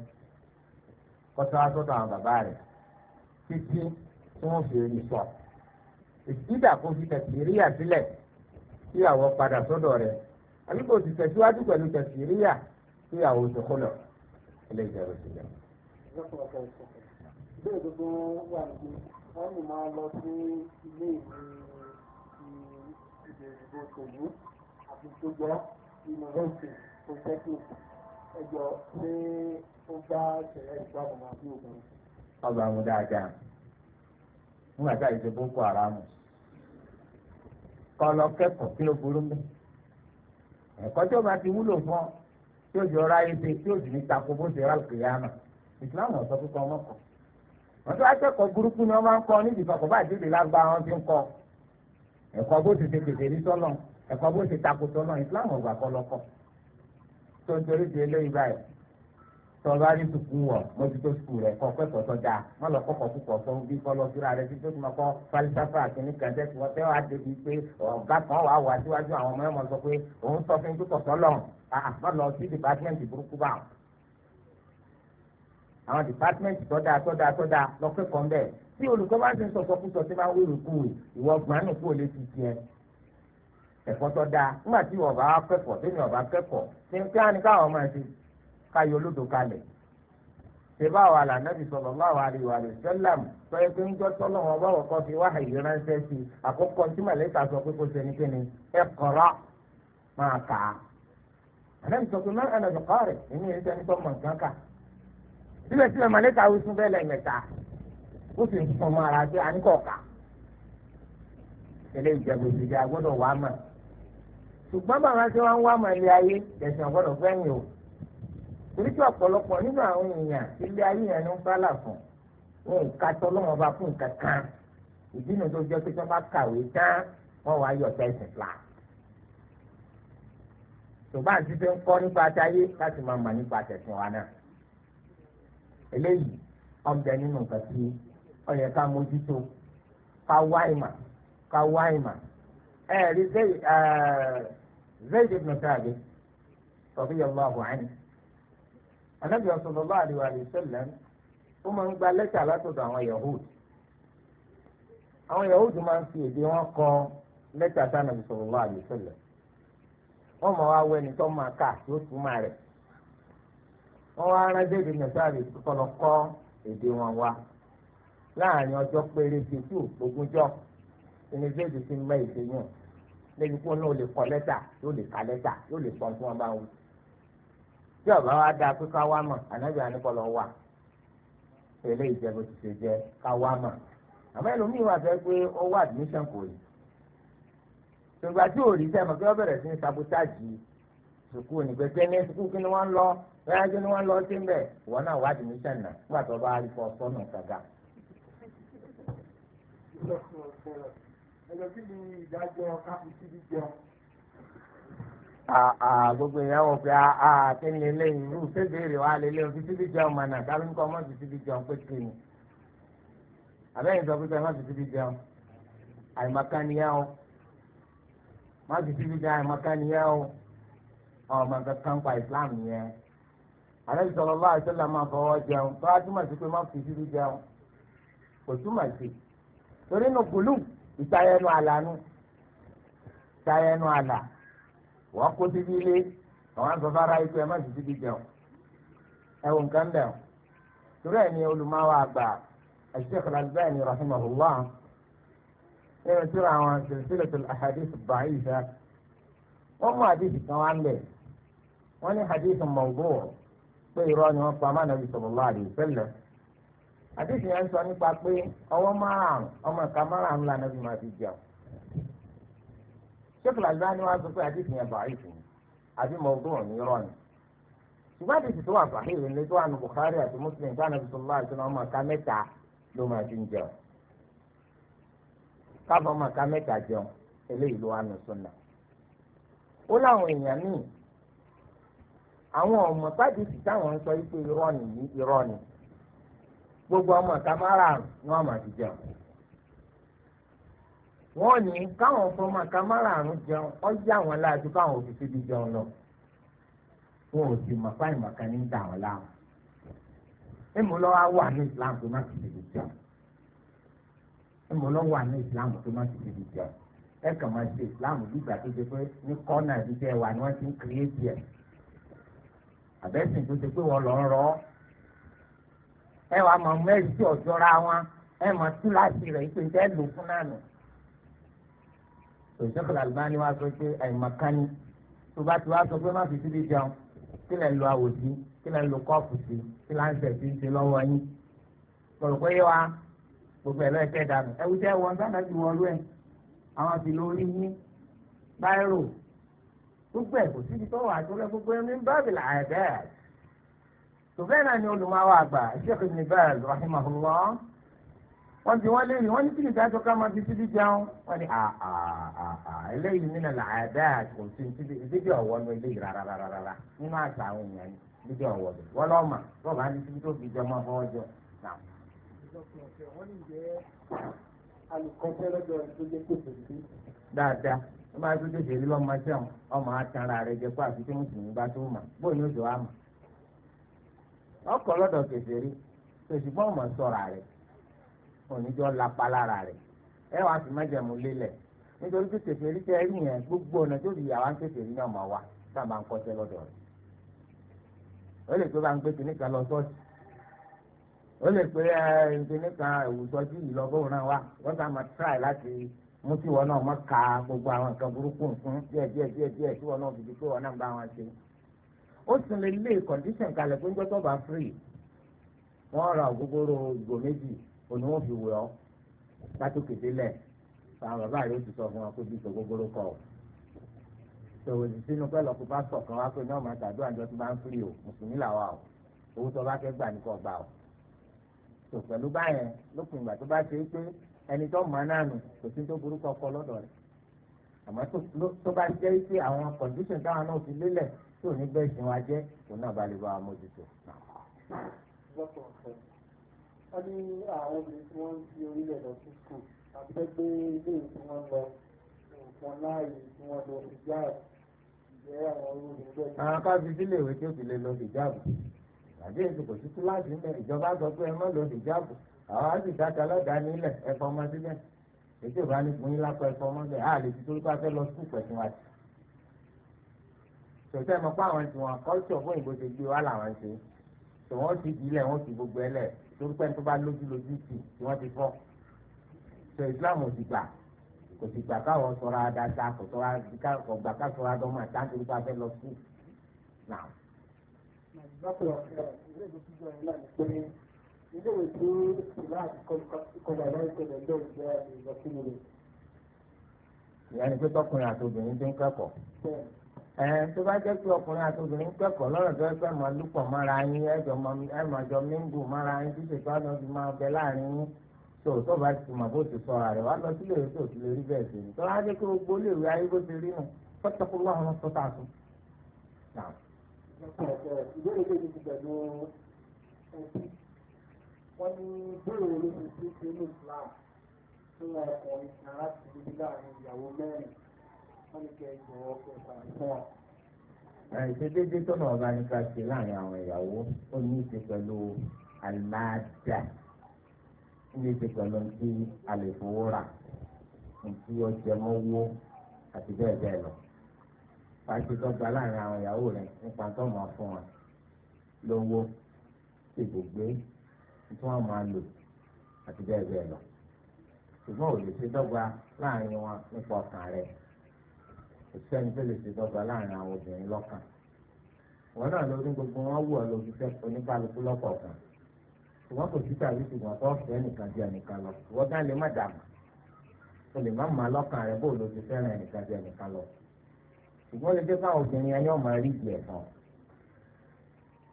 kọ́ sọ́ títí tí wọ́n fi rí sọ. ìdídà kò fi tẹ̀síríyà sílẹ̀ kí àwọn padà sọ́dọ̀ rẹ̀ àbí kò sì tẹ̀síwájú pẹ̀lú tẹ̀síríyà kí àwọn òṣèkó lọ ilé ìjẹun sílẹ̀. bẹ́ẹ̀ gbogbo wà ní wọ́n lè máa lọ sí ilé ìwé ìdìbò tòlú àti tó jẹ́ ìmọ̀lẹ́sì tó tẹ́kì ẹjọ́ pé ó bá ìṣẹ̀lẹ̀ ìgbàgbọ́n àbí òbí ọgbà wọn dáadáa nígbà tá ìṣe boko haram kọ́ lọ kẹ́kọ̀ọ́ kí ló burú mi ẹ̀kọ́ tí o bá ti wúlò fún ọ tí o jọ ráyé ṣe tí o jù ní takò bó ṣe ráàlù kìyàmà ìsìláàmù ọ̀sọ́ kíkọ́ ọmọ kọ̀ wọ́n tó akẹ́kọ̀ọ́ burúkú ni wọ́n máa ń kọ́ níbi ìfọ̀kọ̀ bá àdéhùn lágbá wọn fi ń kọ́ ẹ̀kọ́ bó ti ṣe kèké ní sọ́lọ̀ ẹ̀kọ́ bó ti takò sọ́lọ̀ ìsìláàmù ọ̀gbà kọ́ lọ́kọ̀ tó ń torí ti eléyìí báyìí tọ́lá ní sùkú wọ̀ mójútó sùkú rẹ̀ kọ́ pẹ́pọ̀ tó dáa má lọ kọ́kọ́ púpọ̀ sọ bí kọ́lọ́ síra rẹ̀ tí tó ti máa kọ́ falisafa àkíní kẹ̀ǹtẹ́ tí wọ́n fẹ́ wá débi pé ọ̀gá kan wà wá síwájú àwọn ọmọ ẹ̀mọ́ sọ pé òun sọ fún tó tọ̀ lọ́n má lọ sí dìpátímẹ́ǹtì burúkú bá wọn. àwọn dìpátímẹ́ǹtì tó dáa tó dáa tó dáa lọ kẹ́kọ̀ọ́ mbẹ́ tí olùkọ́ bá ti ń sọ sọkúsọ tí bá wúrù kú ìwọ gbọ́nù kú ò lè ti tiẹ̀ ẹ̀kọ́ tó dáa nígbà tí ọba kẹ́kọ̀ọ́ tí ọba kẹ́kọ̀ọ́ tí káwọn máa ṣe káyọ lódò kalẹ̀ ṣèbá wa là nàbì sallallahu alaihi wa sallam sọyẹ pé ń jọ́tọ́ lọ́wọ́ báwọ̀ kọ́ fi wahyi ránṣẹ́ sí i àkọ́kọ́ tí màlẹ́ta sọ pé kò sẹ́ni kí ni ẹ kọ́ra máa kà á. àlẹ́ sọ pé má ẹnà lọ́kọ́ rẹ̀ èmi yẹn sẹ́ni tó mọ̀ nǹkan kà. síbẹ̀síbẹ̀ màlẹ́ta wí sún bẹ́ẹ̀ lẹ́ẹ̀mẹ́ta ó sì ń sọ ọmọ ara pé àníkọ̀ kà. ilé ìjàgbọ̀sìjà gbọ́dọ̀ wá mà. ṣùgbọ́n bàbá tí wọ́n wá mà ilé ayé torí pé ọ̀pọ̀lọpọ̀ nínú àwọn èèyàn ilé ayé yẹn ló ń bá là fún wọn ò ka tọ́lọ́wọ́n bá fún nǹkan kan ìdí nu tó jẹ́ pé tí wọ́n bá kàwé tán wọ́n wá yọ tẹ́sán fìlà. tòbá àti ṣe ń kọ́ nípa àtayé láti máa mọ̀ nípa àtẹ̀sìn wa náà. eléyìí ọ̀bẹ nínú nǹkan tí ó yẹ ká mójútó ká wá ìmọ̀ ká wá ìmọ̀ ẹ̀ẹ́dì Zayd ibn Thabit radiyallahu anhu anabi sallallahu alaihi wasallam ó máa ń gba lẹ́tà látọ̀dọ̀ àwọn yahood àwọn yahood máa ń fi èdè wọn kọ lẹ́tà sànàbì sallallahu alaihi wasallam wọ́n máa wá wọ ẹni tó máa kà tó túmọ̀ rẹ̀ wọ́n wá ránṣẹ́ èdè nàìjíríà kọlọ kọ́ èdè wọn wá láàrin ọjọ́ péréte tí ò gbógúnjọ́ ìníṣẹ́ èdè ti ń bá yàn lẹ́yìn kó náà lè kọ lẹ́tà yóò lè ka lẹ́tà yóò lè sọ fún wọn tí ọba wa dáa pé ká wá mọ̀ ànábì àníkọlọ wà tẹ̀lé ìjẹ́bù ti ṣe jẹ́ ká wá mọ̀ àmọ́ ẹlòmíì wà fẹ́ pé ó wà admission kò yìí tòǹgbà tí ò rí sẹ́ mọ̀ pé bẹ̀rẹ̀ sí ní sabotage sùkúù ní pẹ̀pẹ́ ní sùkúù kí ni wọ́n lọ bẹ́ẹ̀ kí ni wọ́n lọ sí mbẹ̀ wọ́n náà wá admission náà nígbà tó bá rí fọ sọ́nà kàga. ẹ̀rọ kí ni ìdájọ́ káfíńsì Ah, ah, gbogbo èèyàn wò pé ah, kíni eléyìí irú sébèrè wa lélẹ́yìn títí bí jẹun mọ̀nà dábí ń kọ́ mọ́ títí bí jẹun pé kíni àbẹ́yìn sọ pé sọ má títí bí jẹun àìmọ̀kániyá o má títí bí jẹun àìmọ̀kániyá o ọmọ nǹkan kan pa Islam yẹn àlejò sọlọ lọ́wọ́ àti sọlá máa fọwọ́ jẹun tó a túmọ̀ sí pé má títí bí jẹun kò túmọ̀ sí torí nù kùlù ìtayẹnu àlànù ìtayẹnu àlà wọ́n kó síbi ilé àwọn àgbàfára ikú ẹ má sì síbi jẹun ẹ̀wọ̀n kan bẹ̀ ọ́ torí ẹ̀ ní olùmọ̀wá àgbà Sheikh Al-Albani rahimahullah nínú tí àwọn silsilatul ahadith ad-da'ifa wọ́n mú àdìsí kan wá lẹ̀ wọ́n ní àdìsí mawdu' pé irọ́ ni wọ́n pa má nàbí sallallahu alaihi wasallam àdìsí yẹn sọ nípa pé ọwọ́ márùn-ún ọmọ ìka márùn-ún lànà Sheikh Albani wá sọ pé àdìsí yẹn àbí mọ̀ọ́dún ọ̀nì irọ́ ni. ṣùgbọ́n àdìsí tó wà sàhíì ní tó wà ní Bukhari àti Muslim tí anabi sọlá àti ọmọ ọ̀ka mẹ́ta ló máa fi ń jẹun. káfọ́ ọmọ ọ̀ka mẹ́ta jẹun eléyìí ló wà ní sunna. ó láwọn èèyàn míì àwọn ọmọ sádìsí ni irọ́ gbogbo ọmọ wọ́n máa wọ́n ní káwọn ká márààrún jẹun ọjà wọn láàjú káwọn òbí síbi jẹun lọ wọn ò sì kan ní dà láwọn wà ní Islam tó ti jẹun wà ní Islam tó ti ẹ kàn máa ṣe Islam tó ṣe pé ní kọ́nà ìdíjẹ́ wa ni wọ́n ti ń kírètì ẹ̀ àbẹ́sìn tó ṣe pé wọ́n lọ ń ẹ wàá mọ̀ mẹ́rin Sheikh Al-Albani wá sọ pé àìmọ̀kánì tó bá ti wá sọ pé má fi síbi jẹun kí lẹ́ ń lo àwò sí kí lẹ́ ń lo kọ́ọ̀pù sí kí lẹ́ ń sẹ̀ sí ṣe lọ́wọ́ yín. Pọ̀lọ̀ pé yé wa gbogbo ẹ̀ lọ́ọ́ kẹ́ dànù ẹ wíjẹ́ wọn sáà láti wọ ọlú ẹ̀ àwọn ti lo orí yín báírò gbogbo ẹ̀ kò síbi tó wà tó lẹ́ gbogbo ẹ̀ ní bábìlà ẹ̀ bẹ́ẹ̀. tòbẹ́ẹ̀ náà ni olùmọ̀ àwọn àgbà Sheikh Ibn Baz wọ́n ti wọ́n léèrè wọ́n ní kí ìdájọ́ ká máa síbi jẹun wọ́n ní ah, ah, ah, eléyìí nínú àdá kò sí síbi síbi ọ̀wọ́ rárá rárá rárá nínú àṣà àwọn èèyàn ni a ọ̀wọ́ rẹ̀ wọ́n lọ́ọ́ mà bọ́ọ̀ bá ní síbi tó fi jẹun máa fọwọ́ jọ dáadáa máa tẹ̀sẹ̀ rí lọ́mọ ọmọ pé àfi tí wọ́n sì ń bá tó mà bóyá ní oṣù àmà ọkọ̀ lọ́dọ̀ tẹ̀sẹ̀ rí ọmọ sọ̀rọ̀ rẹ̀ oníjọ́ lapa lára rẹ̀ ẹ wàá fi májẹ̀mú lélẹ̀ nítorí pé kèfèrí tẹ́ rí yẹn gbogbo ọ̀nà tó fi yàrá ń kèfèrí náà máa wá tá a máa ń kọ́ṣẹ́ lọ́dọ̀ rẹ̀ ó lè pé bá ń gbé kìnnìkan lọ sọ́ọ̀sì ó lè pé kìnnìkan ìwùsọ́jú yìí lọ bóun náà wá wọ́n sá máa tíráì láti mú tí wọn náà má ka gbogbo àwọn nǹkan burúkú nǹkan díẹ̀ díẹ̀ díẹ̀ díẹ̀ tí wọn náà fi di pé wọn náà bá wọn ṣe ó sì lè lé condition kalẹ̀ pé ń gbọ́tọ̀ bá free wọ́n ra ògógóró ìgò méjì òní wọn fi wẹ̀ ọ́ látòkè délẹ̀ àwọn bàbá rẹ̀ ó ti sọ fún wa kó dìgbò gbogbo kọ̀ ọ́ tòwò sì sínú pẹ́ lọ́kùn bá sọ̀ kan wá pé náà máa tàdúrà jọ tó bá ń firi o mùsùlùmí làwa o owó tó bá fẹ́ ní kò gbà o tò pẹ̀lú báyẹn lópin ìgbà tó bá ṣe é pé ẹni tó mọ̀ náà nù kò sí tó burúkọ kọ lọ́dọ̀ rẹ̀ àmọ́ tó bá jẹ́ pé àwọn kọ̀ǹdíṣìn táwọn náà fi lélẹ̀ tí ò ní bẹ́ẹ̀ sin wa jẹ́ òun náà bá lè bá wa mójútó wọ́n ní àwọn obìnrin tí wọ́n ń fi orílẹ̀ lọ sí skul àti pé ilé tí wọ́n lọ nǹkan láàyè tí wọ́n lọ sí jáàbù ìjẹ́ àwọn olóògbé bẹ́ẹ̀. àwọn akáàbí sílé ìwé tí ó fi lè lọ sí jáàbù àbí èsì kò sí kíláàsì ńlẹ̀ ìjọba sọ pé ẹ má lọ sí jáàbù àwọn á sì dáta lọ́dà nílẹ̀ ẹ̀fọ́ ọmọ sílẹ̀ èsì ò bá ní fún yín lápá ẹ̀fọ́ ọmọ bẹ́ẹ̀ á lè fi torí pàfẹ́ lọ skul pẹ̀sìn sí. sòtẹ́ mọ̀ pé wọ́n ti torí pé tó bá lójú lójú ti tí wọ́n ti fọ́ sọ ìsìláàmù ti gbà kò sì gbà káwọn sọ̀rọ̀ adada kò sọ̀rọ̀ adada kò gbà ká sọ̀rọ̀ adọ́mọ àtàkùn nípa fẹ́ lọ sí náà. ìyá ni pé tọkùnrin àti obìnrin ti ń kẹ́kọ̀ọ́. ẹ tó bá jẹ́ pé ọkùnrin àti obìnrin kẹ́kọ̀ọ́ lọ́rọ̀ tó ẹgbẹ́ máa lúpọ̀ mọ́ra yín ẹ̀jọ̀ ma míngù mọ́ra yín tí ṣètò àná fi máa bẹ láàrin yín tó tó bá ti mọ̀ bó ti sọ ààrẹ wá lọ tó ti lè rí bẹ́ẹ̀ sèyí tó bá jẹ́ pé gbogbo ilé ìwé ayé bó ti rí nù tó. ti ti pẹ̀lú ní ìṣedéédé tọ́nà ọba nípa ṣe láàrin àwọn ìyàwó ó ní í ṣe pẹ̀lú àlàáda ní í ṣe pẹ̀lú ti àlèfowórà nti ọjọmọwó àti bẹ́ẹ̀ bẹ́ẹ̀ lọ pàṣẹ tọ́gba láàrin àwọn ìyàwó rẹ̀ nípa tó máa fún wọn lówó ìbùgbé tí wọ́n máa lò àti bẹ́ẹ̀ bẹ́ẹ̀ lọ ṣùgbọ́n ò lè ṣe dọ́gba láàrin wọn nípa ọkàn rẹ̀ sẹ́ni tó lè ṣe dọ́gba láàrin àwọn obìnrin lọ́kàn wọn náà lórí gbogbo wọn ọ lọ́kọ̀ọ̀kan ṣùgbọ́n kò sí tàbí ṣùgbọ́n nìkan di lọ ìwọ́n dá lè má o lè má lọ́kàn rẹ fẹ́ràn lọ ṣùgbọ́n lè dé fáwọn obìnrin ẹni ọmọ rí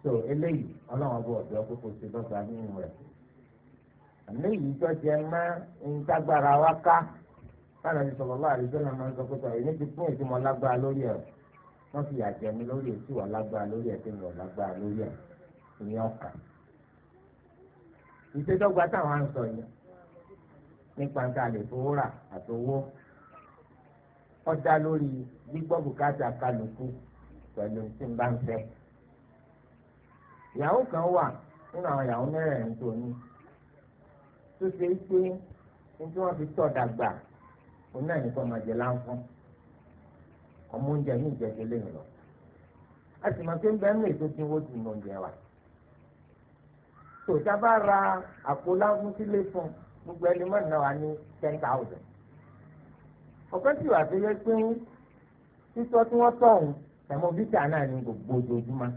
so eléyìí ọlọ́run kò báyìí ní sọ̀rọ̀ láàrin ìjọba máa ń sọ pé sọ̀rọ̀ èmi ti fún èsì mọ́ lágbára lórí ẹ̀ wọ́n fi yàjẹ́ mi lórí èsì wà lágbára lórí ẹ̀ tí mi ò lágbára lórí ẹ̀ ìyẹn ọkàn. ìṣèjọba táwọn à ń sọ yìí nípa nǹkan àlè fowó rà àti owó ọjà lórí gbígbọ́ bùkátà kálukú pẹ̀lú tí n bá ń fẹ́. ìyàwó kan wà nínú àwọn ìyàwó mẹ́rẹ̀ẹ̀rin tó ní tó ṣe é pé ní tí wọ́n fi tọ̀ dàgbà òun náà nìkan máa jẹ láǹfọ̀n ọmọ oúnjẹ ní ìjẹsẹ lẹ́yìn lọ a sì máa pé ń bẹ́ẹ̀ ní ètò tí wọ́n ti mọ oúnjẹ wa tòótá bá ra àpò láǹfọ̀n sílé fún gbogbo ẹni mọ́ náà wà ní ten thousand ọ̀kan sì wà tó yẹ pé títọ́ tí wọ́n tọ̀ ọ̀hún tẹ̀mọ́bítà náà ní gbogbo ojoojúmọ́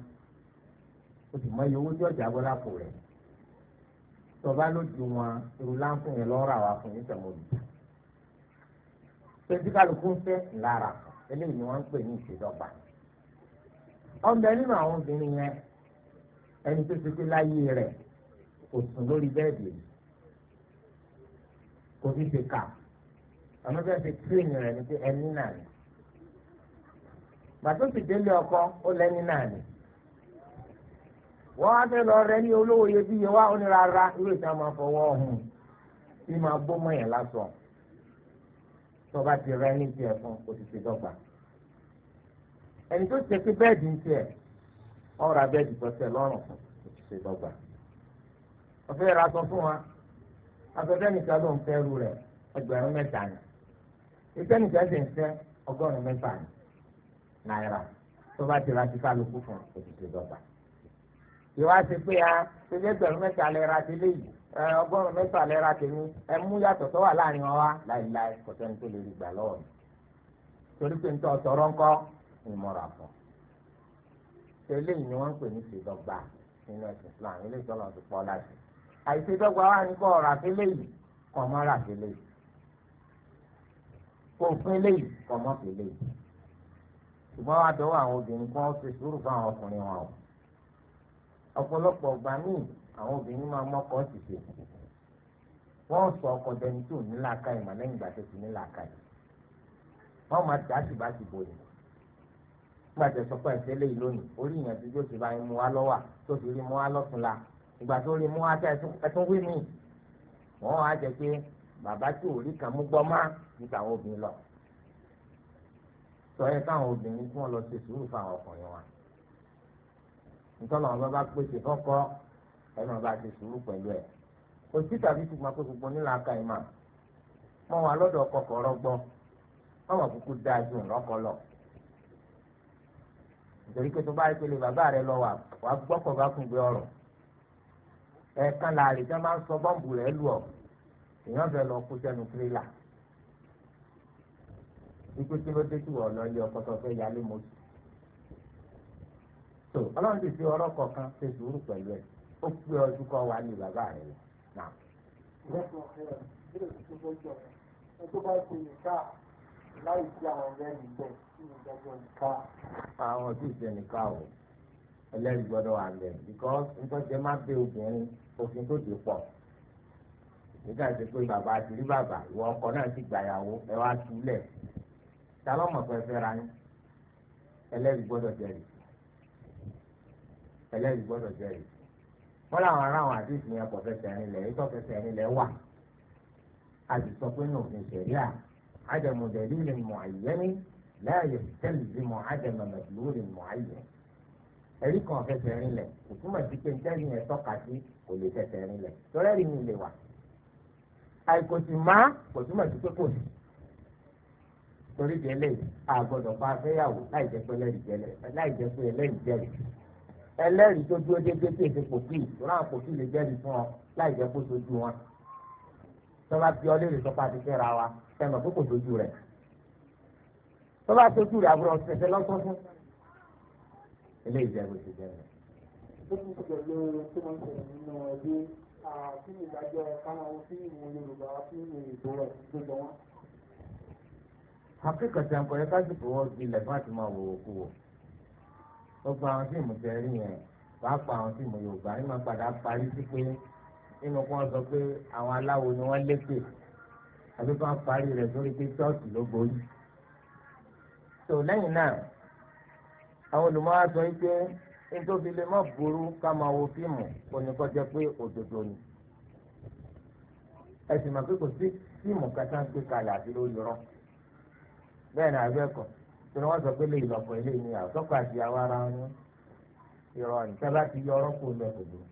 o sì mọ iye owó tí ọjà gbọ́dọ̀ kù rẹ̀ tọba ló ju wọn irú láǹfọ̀n yẹn lọ́ọ́ rà wá fún ní tẹ̀mọ́bítà pé tí kálukú ń fẹ́ lára eléyìí ni wọ́n ń pè ní ìṣèdọ́gba. ọ̀bẹ nínú àwọn obìnrin yẹn ẹni tó ti pé láyé rẹ̀ kò sùn lórí bẹ́ẹ̀dì kò fi ṣe kà àmọ́ bẹ́ẹ̀ ti tírìnì rẹ̀ ni pé ẹni náà ni. gbàtó sì délé ọkọ ó lẹ́ni náà ni. wọ́n á fẹ́ lọ rẹ ní olówó iyebíye wá onírara irú ìta máa fọwọ́ ọ̀hún bí máa gbó mọ́yàn lásán tí wọ́n bá ti rẹ ní tiẹ̀ fún kò sì ṣe dọ́gba. ẹni tó ṣe pé bẹ́ẹ̀dì ń tiẹ̀ wọ́n ra bẹ́ẹ̀dì pọ̀sẹ̀ lọ́rùn fún kò sì ṣe dọ́gba. ọ̀fẹ́ ra sọ fún wa afẹ́fẹ́ nìkan ló ń fẹ́ ru rẹ̀ ẹgbẹ̀rún mẹ́ta ni ìfẹ́ nìkan sì ń fẹ́ ọgọ́rùn-ún mẹ́fà ni náírà tó bá ti ra ti kálukú fún kò sì ṣe dọ́gba. ìwà ti pé a ṣe ẹgbẹ̀rún mẹ́ta lè ti léyìí ọgọ́rùn-ún mẹta lẹ́ra tèmi ẹ mú láàrin wa láìláì kò tó lè rí gbà lọ́wọ́ mi torí pé nítorí ọ̀sọ̀rọ̀ ńkọ́ ìmọ̀ràn fún eléyìí ni wọ́n ń pè ní ìṣèdọ́gba nínú ẹ̀sìn ti pọ̀ láti àìṣèdọ́gba wà mọ́ kò fún mọ́ ṣùgbọ́n wàá dọ́wọ́ àwọn obìnrin kan àwọn ọkùnrin wọn àwọn obìnrin máa mọ́kọ́ ṣìṣe wọ́n sọ ọkọ dẹni tí ò ní làákà ìmọ̀ lẹ́yìn ìgbà tó ti ní làákà yìí wọ́n máa dá sí bá ti bò yìí nígbà tó sọ pé ẹ̀sẹ̀ lé lónìí orí ìyẹn tí yóò ti bá mú wa lọ́wà tó ti rí mú wa lọ́túnla ìgbà tó rí mú wa tẹ ẹtún wí mi wọ́n wá jẹ pé bàbá tí ò rí kan mú gbọ́ má níta àwọn obìnrin lọ sọ yẹ káwọn obìnrin tí wọ́n lọ ṣe sùúrù fáwọn ọkùnrin wa nítorí àwọn bá bá pèsè fọ́kọ́ ẹ máa bá ti sùúrù pẹ̀lú ẹ̀ kò sí tàbí ṣùgbọ́n kó gbogbo nílà aka ẹ̀ máa mọ wà lọ́dọ̀ kọkọ̀rọ̀ gbọ́ mọ̀mọ́ kúkú dáa ju lọ́kọ lọ. nítorí pé tó bá rí pélé bàbá rẹ lọ wà wà gbọ́kọ̀ bá kún gbé ọ̀rọ̀ ẹ̀ẹ̀kan láàrin tí wọ́n máa ń sọ bọ́ǹbù rẹ̀ lù ọ́ èèyàn fẹ́ lọ kó sẹ́nu tirẹ́là ikú tí ló dé tí wọ́n lọ yẹ ọkọ tó fẹ́ yálé mọ́tò. tó ọlọ́run ti fi ọ̀rọ̀ ó pé ọdún kan wà ní bàbá rẹ̀ lọ. láì sí àwọn ọ̀rẹ́ mi bẹ́ẹ̀ sí ìdájọ́ nìkan. àwọn tí ì ṣe nìkan o ẹlẹ́rìí gbọ́dọ̀ wà lẹ̀ because nǹkan jẹ́ má bẹ obìnrin òfin tó dé pọ̀ nígbà tí pé bàbá ti rí bàbá ìwọ ọkọ náà ti gbàyàwó ẹ wá túlẹ̀ ta lọ́mọ pẹ́ fẹ́ ra ní ẹlẹ́rìí gbọ́dọ̀ jẹ́rìí ẹlẹ́rìí gbọ́dọ̀ jẹ́rìí wọ́n láwọn aráwọn àdìsí yẹn kò fẹsẹ̀ nílẹ̀ ìtọ́ fẹsẹ̀ nílẹ̀ wà a sì sọ pé nù ní sẹ̀ríà ájẹmú dẹ̀lílì mu'ayyani la yastalzimu ájẹmú madlulin mu'ayyan ẹ̀rí kan fẹsẹ̀ nílẹ̀ kò túmọ̀ sí pé ntẹ́rì yẹn tọ́ka sí kò lè fẹsẹ̀ nílẹ̀ tọ́lẹ́rì mi lè wà àìkòsì má kò túmọ̀ sí pé kò sí torí jẹ́lẹ̀ àgbọ̀dọ̀ pa afẹ́yàwó láì jẹ́ pé ẹlẹ́rìí jẹ́lẹ̀ láì jẹ́ pé ẹlẹ́rìí jẹ́lẹ̀ ẹlẹ́rìí tó dúró déédéé tí èdè kò tí ì rán àpò tí ì lè jẹ́rìí fún ọ láì jẹ́ kó sojú wọn tó bá fi ọlẹ́rì sọpá ti fẹ́ ra wa ẹnu pé kò sojú rẹ̀ tó bá sojú rẹ̀ àbúrò ṣẹṣẹ lọ́sọ́ fún ilé ìjẹ́ kò ti jẹ́rìí. ó tún ti pẹ̀lú tó máa ń ṣẹlẹ̀ nínú ẹbí kí ni ìdájọ́ káwọn ohun tí ìwọ̀n Yorùbá fi ń rìn rẹ̀ gbogbo wọn. ti àǹkọ̀rẹ́ kájú kò wọ́n gbilẹ̀ fún àtìmọ̀ àwòrán kú wọ̀ gbogbo àwọn fíìmù tẹ rí yẹn wàá pa àwọn fíìmù yorùbá yìí máa padà parí sí pé nínú kí sọ pé àwọn aláwo ni wọ́n lépè àbí kí wọ́n parí rẹ̀ sórí pé ṣọ́ọ̀ṣì ló borí. tó lẹ́yìn náà àwọn olùmọ̀ wa sọ pé nítorí lè má burú ká máa wo fíìmù kò ní kó jẹ́ pé òdodo ni ẹ̀sìn mọ̀ pé kò sí fíìmù kátà ń gbé kalẹ̀ àti lórí rọ bẹ́ẹ̀ ni àbẹ́ẹ̀kọ́ tí wọ́n sọ pé lè lọ́pọ̀ ilé ni àtọ́kọ̀ àti àwọn ará wọn ìrọ̀ nìkan láti yọ ọ̀rọ̀ kò lọ kò dùn.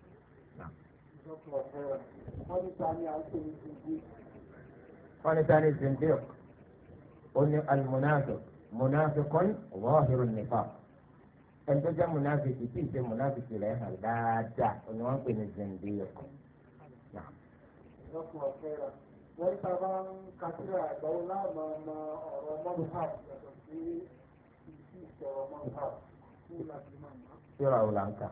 wọ́n ní sani sindir ó ní alimunafi munafi kan wọ́ọ̀hìrì nìfà ẹni tó jẹ́ munafi kì ṣe munafi sì rẹ̀ hàn dáadáa ó ní wọ́n pè ní sindir kan. wọ́n ní sábà ń kásíra àgbáwọ́ láàmú ọmọ ọ̀rọ̀ síra ò là ń kà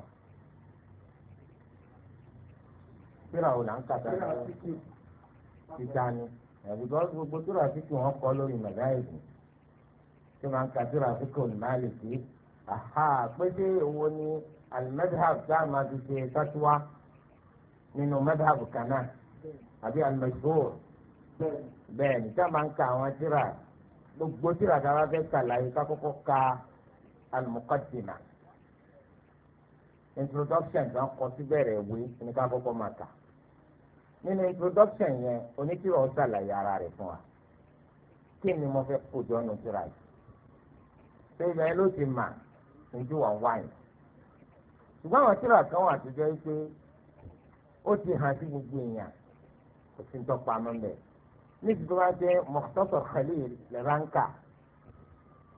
síra ò là ń kà dáadáa ìta gbogbo síra fífi wọn kọ́ lórí mẹ̀gáìdì tí wọ́n ń ka síra fífi òní máa aha pété owó ni alimẹ́dhàb tá a máa fi ṣe sátúwá nínú mẹ́dhàb kan gbogbo tí ràdà wa fẹ́ kà láyé ká kọ́kọ́ ka al-muqaddima introduction tó ń kọ sí bẹ̀rẹ̀ ìwé ní ká kọ́kọ́ máa kà nínú introduction yẹn onítìrọ̀ ṣàlàyé ara rẹ̀ fún wa kí ni mo fẹ́ kó jọ nu síra yìí ṣé ibà yẹn ló ti mà níjú wà wáyé ṣùgbọ́n àwọn tíra kan wà tó jẹ́ pé ó ti hàn sí gbogbo èèyàn kò sí ń tọ́pa mọ́ bẹ́ẹ̀ níbi tó bá jẹ́ Mukhtasar Khalil lẹ́ránkà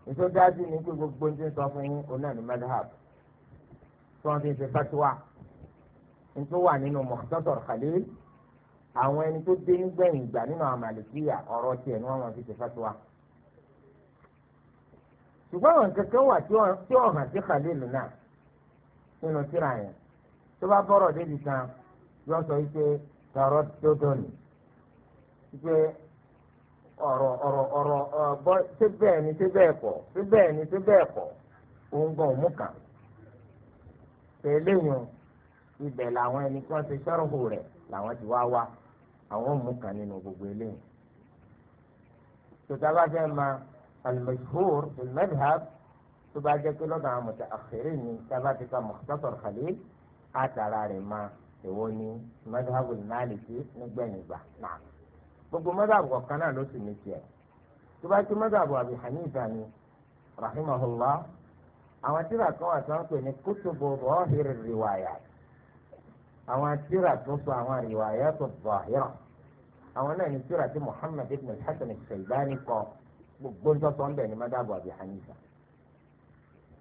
ètò dájú ni pé gbogbo ń ti sọ fún yín oná ní madhab tí wọ́n ti ń ṣe fatiwa ń tó wà nínú Mukhtasar Khalil àwọn ẹni tó dé nígbẹ̀yìn ìgbà nínú àwọn màlìkíyà ọ̀rọ̀ tiẹ̀ ni wọ́n máa fi ṣe fatiwa. ṣùgbọ́n àwọn kankan wà tí ó hàn sí Khalil náà nínú síra yẹn tó bá bọ́rọ̀ débi kan yọ sọ wípé tọrọ tó dọ̀nù pé ọ̀rọ̀ ọ̀rọ̀ ọ̀rọ̀ ọ̀bọ ṣé bẹ́ẹ̀ ni ṣé bẹ́ẹ̀ kọ́ ṣé bẹ́ẹ̀ ni ṣé bẹ́ẹ̀ kọ́ òun gan òmù kan tẹ̀léyìn ibẹ̀ làwọn ẹni kan ti sọ́rọ̀hù rẹ̀ làwọn ti wá wá àwọn òmù kan nínú gbogbo eléyìí. tòtàbá fẹ́ ma al-mashhur tó bá jẹ́ pé lọ́dọ̀ àwọn muta'akhirin ni tábà ti ka Mukhtasar Khalil àtàrà rẹ̀ ma èwo ni madhhabul Maliki nígbẹ̀yìn gbà náà gbogbo mọ́dàbù kọ̀ọ̀kan náà ló sì ní tiẹ̀ tó bá ti mọ́dàbù àbí hanifa ni rahimahullah àwọn tíra kan wà tó ń pè ní kútùbù rọ́ọ̀hìrì rìwáyà àwọn tíra tó sọ àwọn rìwáyà tó zahira àwọn náà ní tíra tí muhammad ibn hasan al-shaybani kọ gbogbo ńsọsọ ń bẹ̀ ní mọ́dàbù àbí hanifa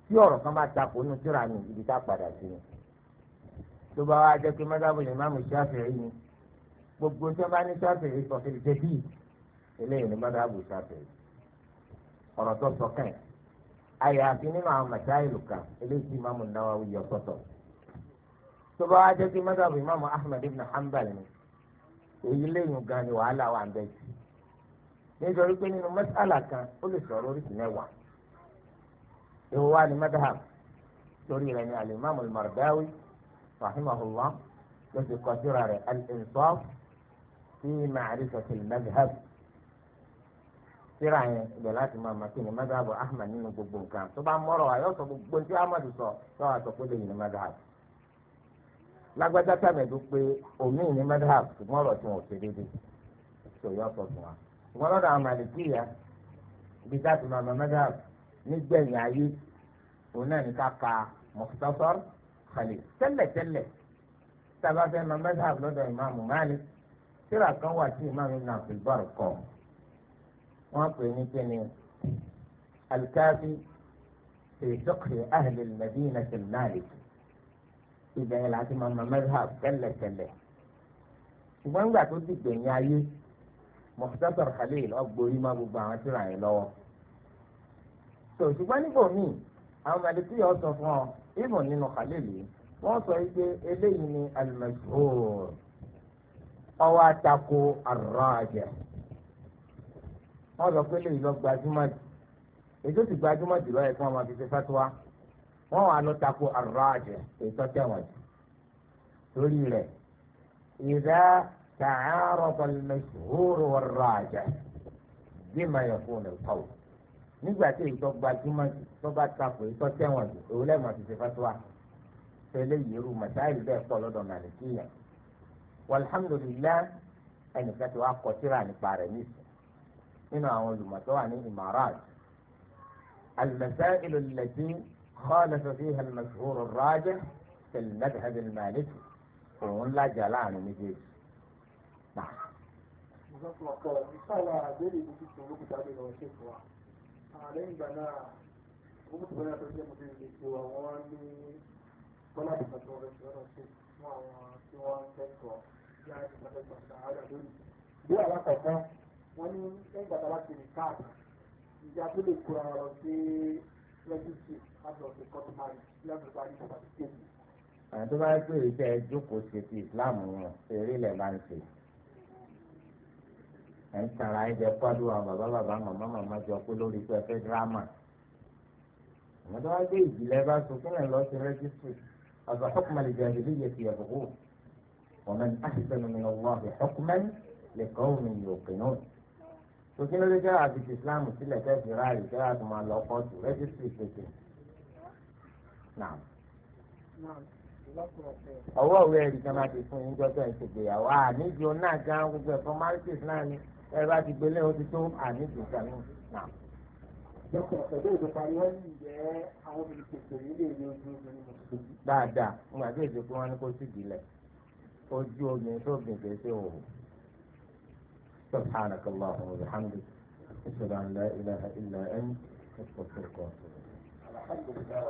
tí ọ̀rọ̀ kan bá takò nínú tíra ní ibi tá a padà sí ni tó bá wá jẹ́ pé mọ́dàbù ni gbogbo tí wọ́n bá ní sáfẹ̀ẹ́ sọ sí ìṣe bíi eléyìí ni mọ́tò àbò sáfẹ̀ẹ́ ọ̀rọ̀ tó sọ kàn àyàfi nínú àwọn màsáìlù kan eléyìí tí ìmáàmù Nawawi yọ sọ́tọ̀ tó bá wá jẹ́ pé mọ́tò àbò ìmáàmù Ahmad ibn Hanbal ni èyí léyìn gan ni wàhálà wà ń bẹ jù nítorí pé nínú mọ́sálà kan ó lè sọ̀rọ̀ oríṣi mẹ́wàá èwo ni al في معرفة المذهب síra yẹn ibẹ̀ láti máa ma kí ni mazhabu ahmed nínú gbogbo nǹkan tó bá mọ́rọ̀ wa sọ gbogbo tí ahmed sọ yóò wá sọ pé ní mazhabu lágbájá tàmẹ̀dù pé omi ní mazhabu ṣùgbọ́n ọ̀rọ̀ tí wọn ò ṣe tó sọ fún wa ṣùgbọ́n lọ́dọ̀ àwọn ibi máa ma nígbẹ̀yìn ayé òun náà ní ká ka ma lọ́dọ̀ tíra kan wà tí ìmáàmù ibn abdulbar kọ wọn pè ní kíni alikaafi fi fiqhi ahli al-madina al-maliki ìbẹ̀rẹ̀ láti mama madhab tẹ́lẹ̀tẹ́lẹ̀ ṣùgbọ́n nígbà tó ti gbẹ̀yìn ayé mukhtasar khalil ọgbórí má gbogbo àwọn tíra yẹn lọ́wọ́ tó ṣùgbọ́n nígbà míì àwọn màlìkí yọ sọ fún ọ ìmọ̀ nínú khalil yìí wọ́n sọ yìí pé eléyìí ni al-mashhur ọwọ́ àtakò àrọ́ọ̀jẹ̀ wọ́n sọ pé lè lọ gbajúmọ̀ jù ètò ti gbajúmọ̀ jù lọ́yẹ̀ kí wọ́n máa fi ṣe fẹ́tọ́wá wọ́n wà lọ tako àrọ́ọ̀jẹ̀ ètò tẹ̀wọ̀n jù lórí rẹ̀ ìdá tààrọ̀tọ̀ lẹ́sùrù ọ̀rọ̀ọ̀jẹ̀ bí màá yẹ fún mi tọ́wọ̀ nígbà tí ètò gbajúmọ̀ jù tó bá tako ètò tẹ̀wọ̀n jù èwúlẹ̀ máa fi ṣe tẹ́lẹ̀ yẹ̀rù màsáìlì walhamdulilah ẹnìkan ti wá kọ síra nípa rẹ̀ nísìn nínú àwọn olùmọ̀tọ́ wà ní imarat المسائل التي خالف فيها المشهور الراجح في المذهب المالكي òun lájà láàrin méjèèjì. Bọ́lá ìgbà tó ọ̀rẹ́ ṣe lọ́dọ̀ sí fún àwọn tí wọ́n ń kẹ́kọ̀ọ́. ìyá ìgbàlódé sàárà lónìí. bí alákọ̀ọ́kọ́ wọ́n ní ẹgbà tá a bá ti rìn káàdì ìyá tó lè kóra ọ̀rọ̀ sí rẹ́gísì àtọ̀sí kọ́tùmárì lẹ́gbẹ̀ẹ́ bá yíṣọ́ àti kéèkì. àwọn tó bá ń pè é jẹ́ jókòó ṣe ti ìsìláàmù wọn eré lẹ̀ máa ń ṣe. ẹ̀ ń tara ẹ̀ pàdé àwọn bàbá bàbá màmá màmá jọ pé lórí pé ẹ dírámà. àwọn tó bá gbé ìjìnlẹ̀ bá so kí ومن أحسن من الله حكما لقوم يوقنون tòkínú ló jẹ́ àti islam sílẹ̀ kẹ́sì ráàyè jẹ́ àti máa lọ kóòtù rẹ́jísítì pèsè. ọwọ́ òwe ẹ̀rí kan máa ti fún yín jọ́jọ́ ìṣègbéyàwó àníjì ó náà gan gbogbo ẹ̀fọ́ maritis náà ni ẹ bá ti gbélé ó ti tó àníjì sẹ́nu. dókítà ọ̀sẹ̀ tó parí wọ́n ní ìjẹ́ àwọn olùkèsè nílé ìlú ojú omi mùsùlùmí. dáadáa ń gbàgbé ìdókòwò wọn ni kò sì dìlẹ̀ ojú obìnrin tó gbìn kìí ṣe سبحانك اللهم وبحمدك أشهد أن لا إله إلا أنت أستغفرك وأتوب إليك